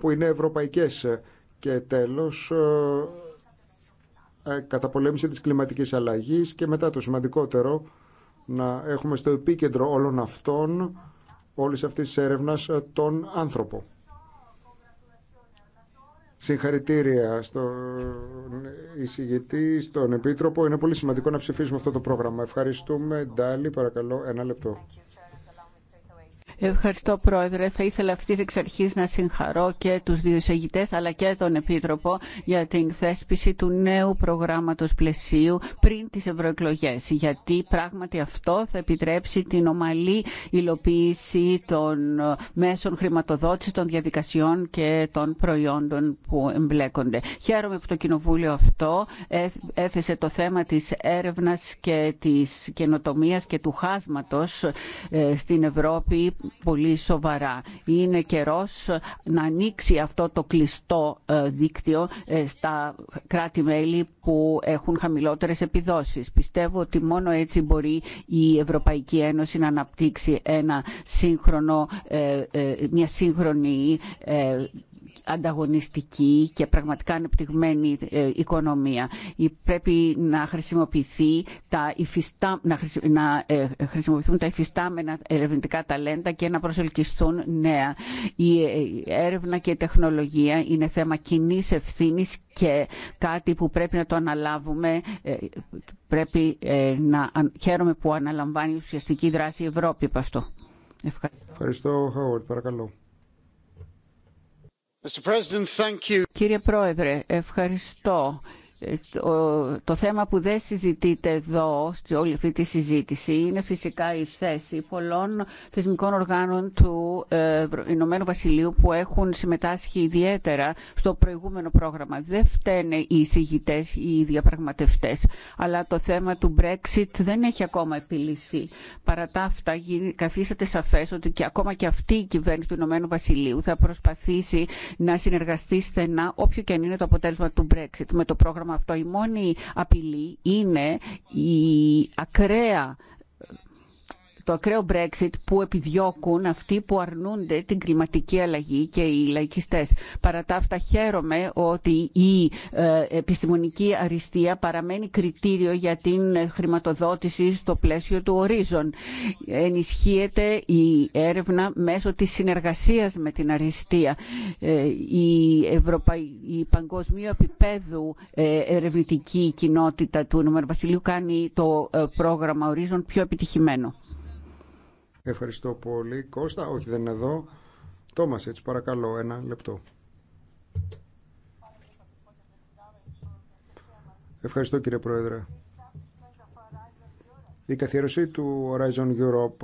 που είναι ευρωπαϊκές. Και τέλος, ε, καταπολέμηση της κλιματικής αλλαγής και μετά το σημαντικότερο να έχουμε στο επίκεντρο όλων αυτών, όλης αυτής της έρευνας, ε, τον άνθρωπο. Συγχαρητήρια στον εισηγητή, στον Επίτροπο. Είναι πολύ σημαντικό να ψηφίσουμε αυτό το πρόγραμμα. Ευχαριστούμε. Ντάλι, παρακαλώ, ένα λεπτό. Ευχαριστώ Πρόεδρε. Θα ήθελα αυτής εξ αρχής να συγχαρώ και τους δύο εισαγητέ, αλλά και τον Επίτροπο για την θέσπιση του νέου προγράμματος πλαισίου πριν τις ευρωεκλογέ. γιατί πράγματι αυτό θα επιτρέψει την ομαλή υλοποίηση των μέσων χρηματοδότηση των διαδικασιών και των προϊόντων που εμπλέκονται. Χαίρομαι που το Κοινοβούλιο αυτό έθεσε το θέμα της έρευνας και της καινοτομίας και του χάσματος ε, στην Ευρώπη πολύ σοβαρά. Είναι καιρός να ανοίξει αυτό το κλειστό ε, δίκτυο ε, στα κράτη-μέλη που έχουν χαμηλότερες επιδόσεις. Πιστεύω ότι μόνο έτσι μπορεί η Ευρωπαϊκή Ένωση να αναπτύξει ένα σύγχρονο, ε, μια σύγχρονη ανταγωνιστική και πραγματικά ανεπτυγμένη ε, οικονομία. Πρέπει να, χρησιμοποιηθεί τα υφιστά, να, ε, χρησιμοποιηθούν τα υφιστάμενα ερευνητικά ταλέντα και να προσελκυστούν νέα. Η ε, έρευνα και η τεχνολογία είναι θέμα κοινή ευθύνη και κάτι που πρέπει να το αναλάβουμε. Πρέπει να χαίρομαι που αναλαμβάνει ουσιαστική δράση η Ευρώπη από αυτό. Ευχαριστώ. Ευχαριστώ, Παρακαλώ. Κύριε Πρόεδρε, ευχαριστώ το θέμα που δεν συζητείται εδώ σε όλη αυτή τη συζήτηση είναι φυσικά η θέση πολλών θεσμικών οργάνων του ε, Ηνωμένου Βασιλείου που έχουν συμμετάσχει ιδιαίτερα στο προηγούμενο πρόγραμμα. Δεν φταίνε οι εισηγητέ ή οι διαπραγματευτέ, αλλά το θέμα του Brexit δεν έχει ακόμα επιληθεί. Παρά τα αυτά καθίσατε σαφέ ότι και ακόμα και αυτή η κυβέρνηση του Ηνωμένου Βασιλείου θα προσπαθήσει να συνεργαστεί στενά όποιο και αν είναι το αποτέλεσμα του Brexit με το πρόγραμμα αυτό. Η μόνη απειλή είναι η ακραία το ακραίο Brexit που επιδιώκουν αυτοί που αρνούνται την κλιματική αλλαγή και οι λαϊκιστές. Παρά τα αυτά χαίρομαι ότι η ε, επιστημονική αριστεία παραμένει κριτήριο για την χρηματοδότηση στο πλαίσιο του ορίζον. Ενισχύεται η έρευνα μέσω της συνεργασίας με την αριστεία. Ε, η, Ευρωπα... η παγκοσμίου επίπεδου ε, ερευνητική κοινότητα του Βασιλείου κάνει το πρόγραμμα ορίζον πιο επιτυχημένο. Ευχαριστώ πολύ. Κώστα, όχι δεν είναι εδώ. Τόμας, έτσι παρακαλώ, ένα λεπτό. Ευχαριστώ κύριε Πρόεδρε. Η καθιέρωση του Horizon Europe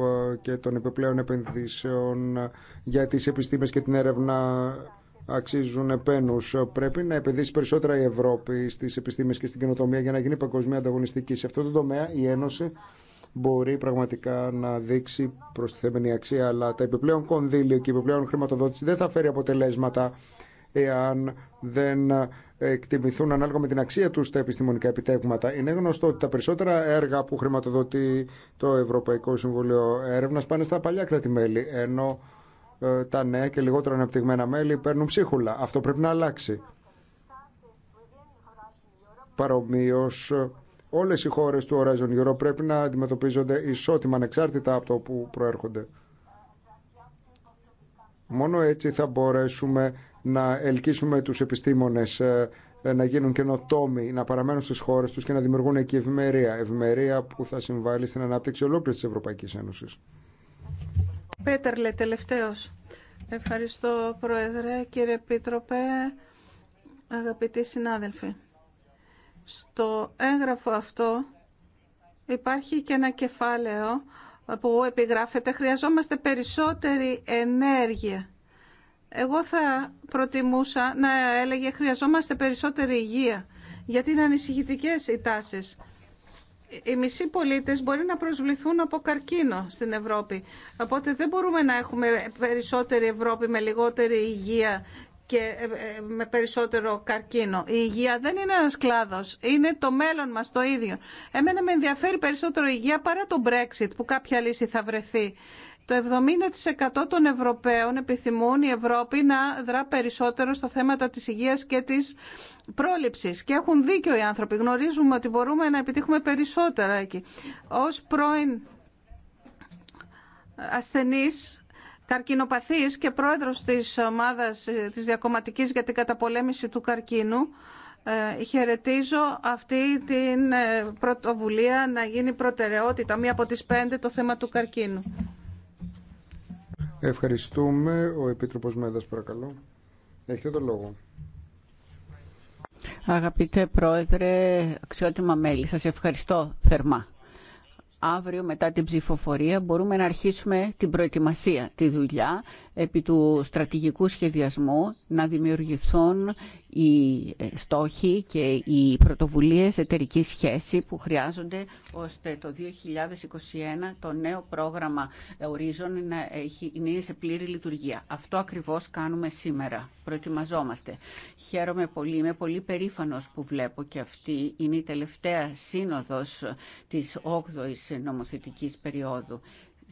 και των επιπλέον επενδύσεων για τις επιστήμες και την έρευνα αξίζουν επένους. Πρέπει να επενδύσει περισσότερα η Ευρώπη στις επιστήμες και στην καινοτομία για να γίνει παγκοσμία ανταγωνιστική. Σε αυτό το τομέα η Ένωση μπορεί πραγματικά να δείξει προστιθέμενη αξία, αλλά τα επιπλέον κονδύλια και η επιπλέον χρηματοδότηση δεν θα φέρει αποτελέσματα εάν δεν εκτιμηθούν ανάλογα με την αξία τους τα επιστημονικά επιτεύγματα. Είναι γνωστό ότι τα περισσότερα έργα που χρηματοδοτεί το Ευρωπαϊκό Συμβουλίο Έρευνας πάνε στα παλιά κράτη-μέλη, ενώ ε, τα νέα και λιγότερο αναπτυγμένα μέλη παίρνουν ψίχουλα. Αυτό πρέπει να αλλάξει. Παρομοίως, όλες οι χώρες του Horizon Europe πρέπει να αντιμετωπίζονται ισότιμα ανεξάρτητα από το που προέρχονται. Μόνο έτσι θα μπορέσουμε να ελκύσουμε τους επιστήμονες ε, ε, να γίνουν καινοτόμοι, να παραμένουν στις χώρες τους και να δημιουργούν εκεί ευημερία. Ευημερία που θα συμβάλλει στην ανάπτυξη ολόκληρη της Ευρωπαϊκής Ένωσης. Πέτερ, λέει, τελευταίος. Ευχαριστώ, Πρόεδρε, κύριε Επίτροπε, αγαπητοί συνάδελφοι. Στο έγγραφο αυτό υπάρχει και ένα κεφάλαιο που επιγράφεται «Χρειαζόμαστε περισσότερη ενέργεια». Εγώ θα προτιμούσα να έλεγε «Χρειαζόμαστε περισσότερη υγεία», γιατί είναι ανησυχητικέ οι τάσεις. Οι μισοί πολίτες μπορεί να προσβληθούν από καρκίνο στην Ευρώπη. Οπότε δεν μπορούμε να έχουμε περισσότερη Ευρώπη με λιγότερη υγεία και ε, ε, με περισσότερο καρκίνο. Η υγεία δεν είναι ένας κλάδος, είναι το μέλλον μας το ίδιο. Εμένα με ενδιαφέρει περισσότερο η υγεία παρά το Brexit που κάποια λύση θα βρεθεί. Το 70% των Ευρωπαίων επιθυμούν η Ευρώπη να δρά περισσότερο στα θέματα της υγείας και της πρόληψης. Και έχουν δίκιο οι άνθρωποι. Γνωρίζουμε ότι μπορούμε να επιτύχουμε περισσότερα εκεί. Ως πρώην ασθενής καρκινοπαθής και πρόεδρος της ομάδας ε, της διακομματικής για την καταπολέμηση του καρκίνου. Ε, χαιρετίζω αυτή την ε, πρωτοβουλία να γίνει προτεραιότητα, μία από τις πέντε, το θέμα του καρκίνου. Ευχαριστούμε. Ο Επίτροπος Μέδας, παρακαλώ. Έχετε το λόγο. Αγαπητέ Πρόεδρε, αξιότιμα μέλη, σας ευχαριστώ θερμά αύριο μετά την ψηφοφορία μπορούμε να αρχίσουμε την προετοιμασία, τη δουλειά επί του στρατηγικού σχεδιασμού να δημιουργηθούν οι στόχοι και οι πρωτοβουλίες εταιρικής σχέση που χρειάζονται ώστε το 2021 το νέο πρόγραμμα ορίζων να έχει, είναι σε πλήρη λειτουργία. Αυτό ακριβώς κάνουμε σήμερα. Προετοιμαζόμαστε. Χαίρομαι πολύ. Είμαι πολύ περήφανος που βλέπω και αυτή είναι η τελευταία σύνοδος της 8ης νομοθετικής περίοδου.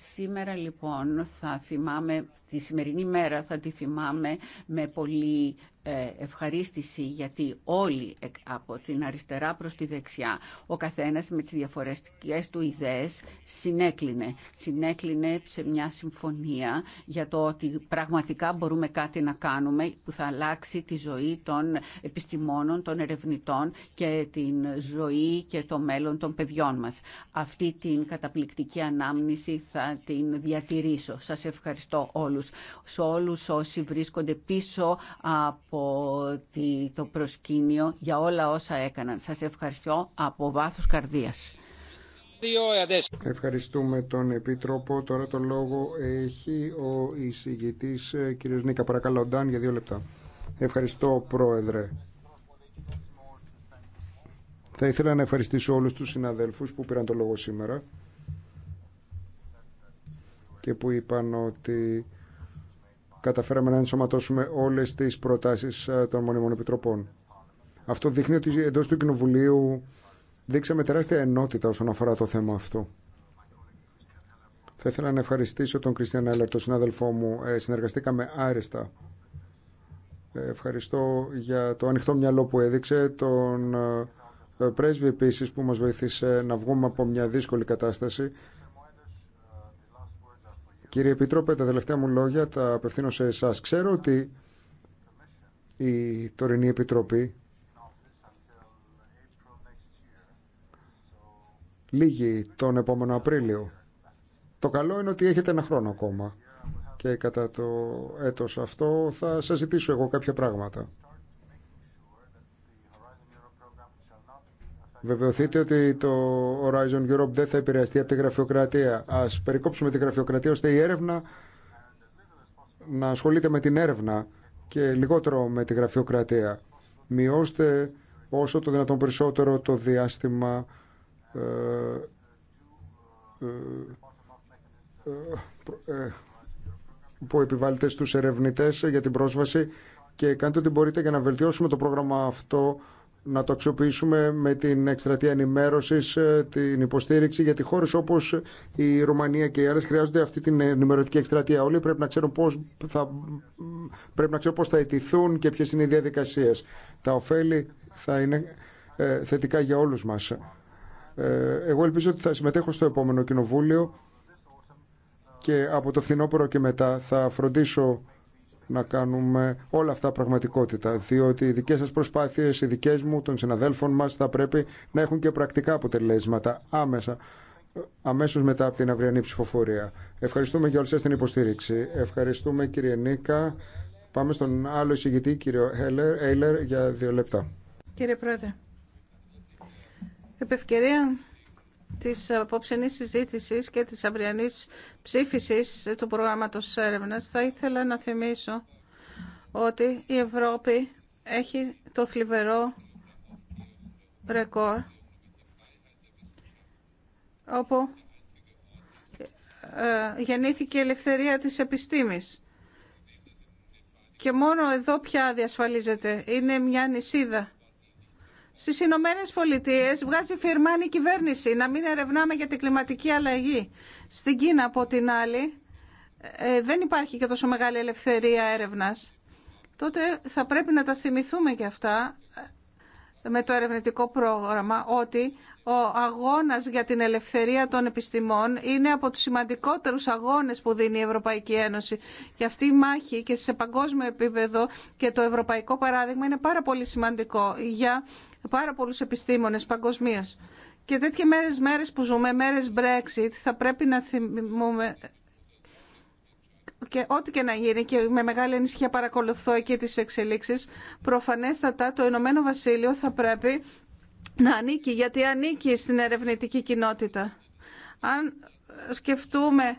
Σήμερα λοιπόν θα θυμάμαι, τη σημερινή μέρα θα τη θυμάμαι με πολύ ε, ευχαρίστηση γιατί όλοι από την αριστερά προς τη δεξιά, ο καθένας με τις διαφορετικές του ιδέες συνέκλινε. Συνέκλινε σε μια συμφωνία για το ότι πραγματικά μπορούμε κάτι να κάνουμε που θα αλλάξει τη ζωή των επιστημόνων, των ερευνητών και την ζωή και το μέλλον των παιδιών μας. Αυτή την καταπληκτική ανάμνηση θα την διατηρήσω. Σας ευχαριστώ όλους. Σε όλους όσοι βρίσκονται πίσω από από το προσκήνιο για όλα όσα έκαναν. Σας ευχαριστώ από βάθος καρδίας. Ευχαριστούμε τον Επίτροπο. Τώρα το λόγο έχει ο εισηγητής ε, κ. Νίκα. Παρακαλώ, Ντάν, για δύο λεπτά. Ευχαριστώ, Πρόεδρε. Θα ήθελα να ευχαριστήσω όλους τους συναδέλφους που πήραν το λόγο σήμερα και που είπαν ότι καταφέραμε να ενσωματώσουμε όλες τις προτάσεις ε, των μονιμών επιτροπών. Αυτό δείχνει ότι εντό του Κοινοβουλίου δείξαμε τεράστια ενότητα όσον αφορά το θέμα αυτό. Θα ήθελα να ευχαριστήσω τον Κριστιαν Έλερ, τον συνάδελφό μου. Ε, συνεργαστήκαμε άρεστα. Ε, ευχαριστώ για το ανοιχτό μυαλό που έδειξε, τον πρέσβη επίση που μα βοήθησε να βγούμε από μια δύσκολη κατάσταση Κύριε Επίτροπε, τα τελευταία μου λόγια τα απευθύνω σε εσά. Ξέρω ότι η τωρινή Επιτροπή λίγη τον επόμενο Απρίλιο. Το καλό είναι ότι έχετε ένα χρόνο ακόμα και κατά το έτος αυτό θα σας ζητήσω εγώ κάποια πράγματα. Βεβαιωθείτε ότι το Horizon Europe δεν θα επηρεαστεί από τη γραφειοκρατία. Ας περικόψουμε τη γραφειοκρατία ώστε η έρευνα να ασχολείται με την έρευνα και λιγότερο με τη γραφειοκρατία. Μειώστε όσο το δυνατόν περισσότερο το διάστημα ε, ε, ε, που επιβάλλεται στους ερευνητές για την πρόσβαση και κάντε ό,τι μπορείτε για να βελτιώσουμε το πρόγραμμα αυτό να το αξιοποιήσουμε με την εκστρατεία ενημέρωση, ε, την υποστήριξη, γιατί χώρε όπω η Ρουμανία και οι άλλε χρειάζονται αυτή την ενημερωτική εκστρατεία. Όλοι πρέπει να ξέρουν πώ θα, πρέπει να ξέρουν πώς θα ετηθούν και ποιε είναι οι διαδικασίε. Τα ωφέλη θα είναι ε, θετικά για όλου μα. Ε, εγώ ελπίζω ότι θα συμμετέχω στο επόμενο κοινοβούλιο και από το φθινόπωρο και μετά θα φροντίσω να κάνουμε όλα αυτά πραγματικότητα. Διότι οι δικέ σα προσπάθειε, οι δικέ μου, των συναδέλφων μα, θα πρέπει να έχουν και πρακτικά αποτελέσματα άμεσα, αμέσω μετά από την αυριανή ψηφοφορία. Ευχαριστούμε για όλη σα την υποστήριξη. Ευχαριστούμε, κύριε Νίκα. Πάμε στον άλλο εισηγητή, κύριο Έιλερ, για δύο λεπτά. Κύριε Πρόεδρε, επευκαιρία της απόψενής συζήτηση και της αυριανής ψήφισης του προγράμματος έρευνας, θα ήθελα να θυμίσω ότι η Ευρώπη έχει το θλιβερό ρεκόρ όπου ε, γεννήθηκε η ελευθερία της επιστήμης. Και μόνο εδώ πια διασφαλίζεται. Είναι μια νησίδα Στι Ηνωμένε Πολιτείε βγάζει φίρμα η κυβέρνηση να μην ερευνάμε για την κλιματική αλλαγή. Στην Κίνα, από την άλλη, ε, δεν υπάρχει και τόσο μεγάλη ελευθερία έρευνα. Τότε θα πρέπει να τα θυμηθούμε και αυτά ε, με το ερευνητικό πρόγραμμα ότι ο αγώνας για την ελευθερία των επιστημών είναι από τους σημαντικότερους αγώνες που δίνει η Ευρωπαϊκή Ένωση. Και αυτή η μάχη και σε παγκόσμιο επίπεδο και το ευρωπαϊκό παράδειγμα είναι πάρα πολύ σημαντικό για πάρα πολλού επιστήμονες παγκοσμίω. Και τέτοιες μέρε μέρες που ζούμε, μέρες Brexit, θα πρέπει να θυμούμε και ό,τι και να γίνει και με μεγάλη ενισχύα παρακολουθώ εκεί τις εξελίξεις, προφανέστατα το Ηνωμένο Βασίλειο θα πρέπει να ανήκει, γιατί ανήκει στην ερευνητική κοινότητα. Αν σκεφτούμε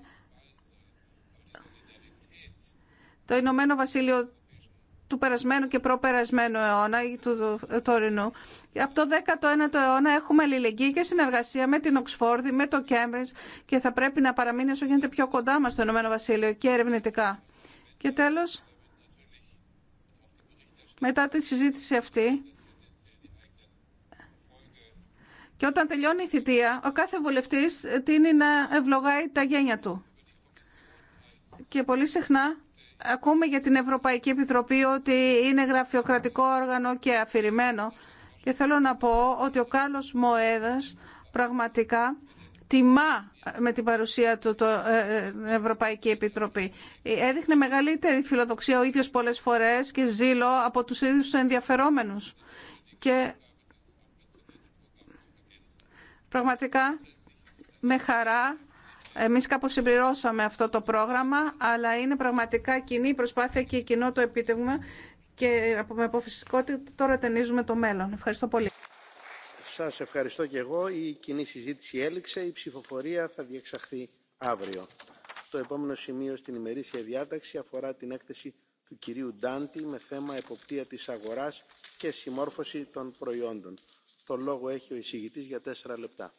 το Ηνωμένο Βασίλειο του περασμένου και προπερασμένου αιώνα ή του τωρινού. Από το 19ο αιώνα έχουμε αλληλεγγύη και συνεργασία με την Οξφόρδη, με το Κέμπριτζ και θα πρέπει να παραμείνει όσο γίνεται πιο κοντά μας στο Ηνωμένο Βασίλειο και ερευνητικά. Και τέλος, μετά τη συζήτηση αυτή, και όταν τελειώνει η θητεία, ο κάθε βουλευτής τίνει να ευλογάει τα γένια του. Και πολύ συχνά ακούμε για την Ευρωπαϊκή Επιτροπή ότι είναι γραφειοκρατικό όργανο και αφηρημένο. Και θέλω να πω ότι ο Κάρλος Μοέδας πραγματικά τιμά με την παρουσία του το, ε, ε, Ευρωπαϊκή Επιτροπή. Έδειχνε μεγαλύτερη φιλοδοξία ο ίδιος πολλές φορές και ζήλο από τους ίδιους τους ενδιαφερόμενους. Και πραγματικά με χαρά εμείς κάπως συμπληρώσαμε αυτό το πρόγραμμα, αλλά είναι πραγματικά κοινή προσπάθεια και κοινό το επίτευγμα και με αποφυσικότητα τώρα ταινίζουμε το μέλλον. Ευχαριστώ πολύ. Σας ευχαριστώ και εγώ. Η κοινή συζήτηση έληξε. Η ψηφοφορία θα διεξαχθεί αύριο. Το επόμενο σημείο στην ημερήσια διάταξη αφορά την έκθεση του κυρίου Ντάντι με θέμα εποπτεία της αγοράς και συμμόρφωση των προϊόντων. Το λόγο έχει ο εισηγητής για τέσσερα λεπτά.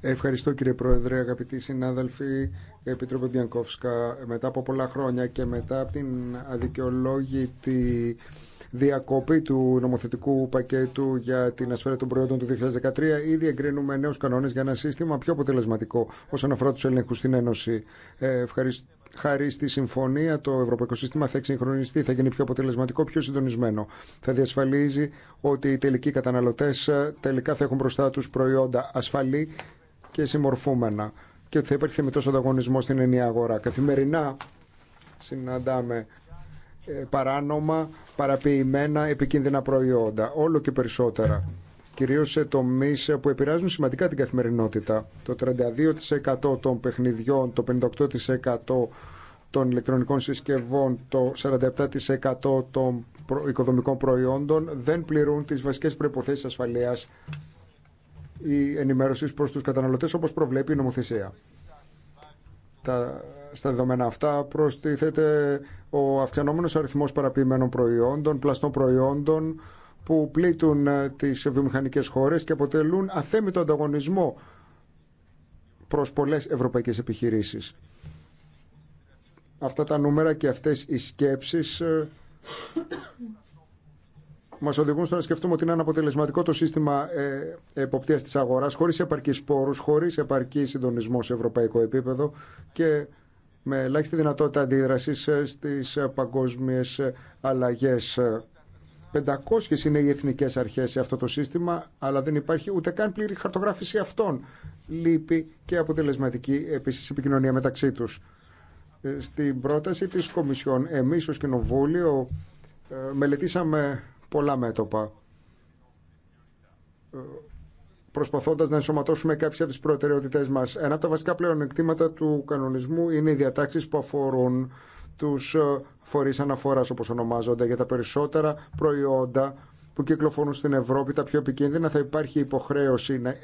Ευχαριστώ κύριε Πρόεδρε, αγαπητοί συνάδελφοι, Επίτροπε Μπιανκόφσκα. Μετά από πολλά χρόνια και μετά από την αδικαιολόγητη διακοπή του νομοθετικού πακέτου για την ασφάλεια των προϊόντων του 2013, ήδη εγκρίνουμε νέου κανόνε για ένα σύστημα πιο αποτελεσματικό όσον αφορά του ελέγχου στην Ένωση. Ε, Ευχαριστώ. Χάρη στη συμφωνία, το Ευρωπαϊκό Σύστημα θα εξυγχρονιστεί, θα γίνει πιο αποτελεσματικό, πιο συντονισμένο. Θα διασφαλίζει ότι οι τελικοί καταναλωτέ ε, τελικά θα έχουν μπροστά του προϊόντα ασφαλή και συμμορφούμενα και ότι θα υπάρχει θεμητό ανταγωνισμό στην ενιαία αγορά. Καθημερινά συναντάμε ε, παράνομα, παραποιημένα, επικίνδυνα προϊόντα. Όλο και περισσότερα. Κυρίω σε τομεί που επηρεάζουν σημαντικά την καθημερινότητα. Το 32% των παιχνιδιών, το 58% των ηλεκτρονικών συσκευών, το 47% των οικοδομικών προϊόντων δεν πληρούν τις βασικές προποθέσει ασφαλεία ή ενημέρωση προ του καταναλωτέ, όπω προβλέπει η νομοθεσία. Τα στα δεδομένα αυτά προστίθεται ο αυξανόμενος αριθμός παραποιημένων προϊόντων, πλαστών προϊόντων που πλήττουν ε, τις βιομηχανικές χώρες και αποτελούν αθέμητο ανταγωνισμό προς πολλές ευρωπαϊκές επιχειρήσεις. Αυτά τα νούμερα και αυτές οι σκέψεις ε, μας οδηγούν στο να σκεφτούμε ότι είναι αποτελεσματικό το σύστημα ε, εποπτείας της αγοράς χωρίς επαρκή πόρους, χωρίς επαρκή συντονισμό σε ευρωπαϊκό επίπεδο με ελάχιστη δυνατότητα αντίδραση ε, στι ε, παγκόσμιε ε, αλλαγέ. 500 είναι οι εθνικέ αρχές σε αυτό το σύστημα, αλλά δεν υπάρχει ούτε καν πλήρη χαρτογράφηση αυτών. Λείπει και αποτελεσματική επίσης επικοινωνία μεταξύ τους. Στην πρόταση της Κομισιόν, εμείς ως Κοινοβούλιο μελετήσαμε πολλά μέτωπα προσπαθώντα να ενσωματώσουμε κάποιε από τι προτεραιότητέ μα. Ένα από τα βασικά πλεονεκτήματα του κανονισμού είναι οι διατάξει που αφορούν του ε, φορεί αναφορά, όπω ονομάζονται, για τα περισσότερα προϊόντα που κυκλοφορούν στην Ευρώπη, τα πιο επικίνδυνα θα υπάρχει υποχρέωση να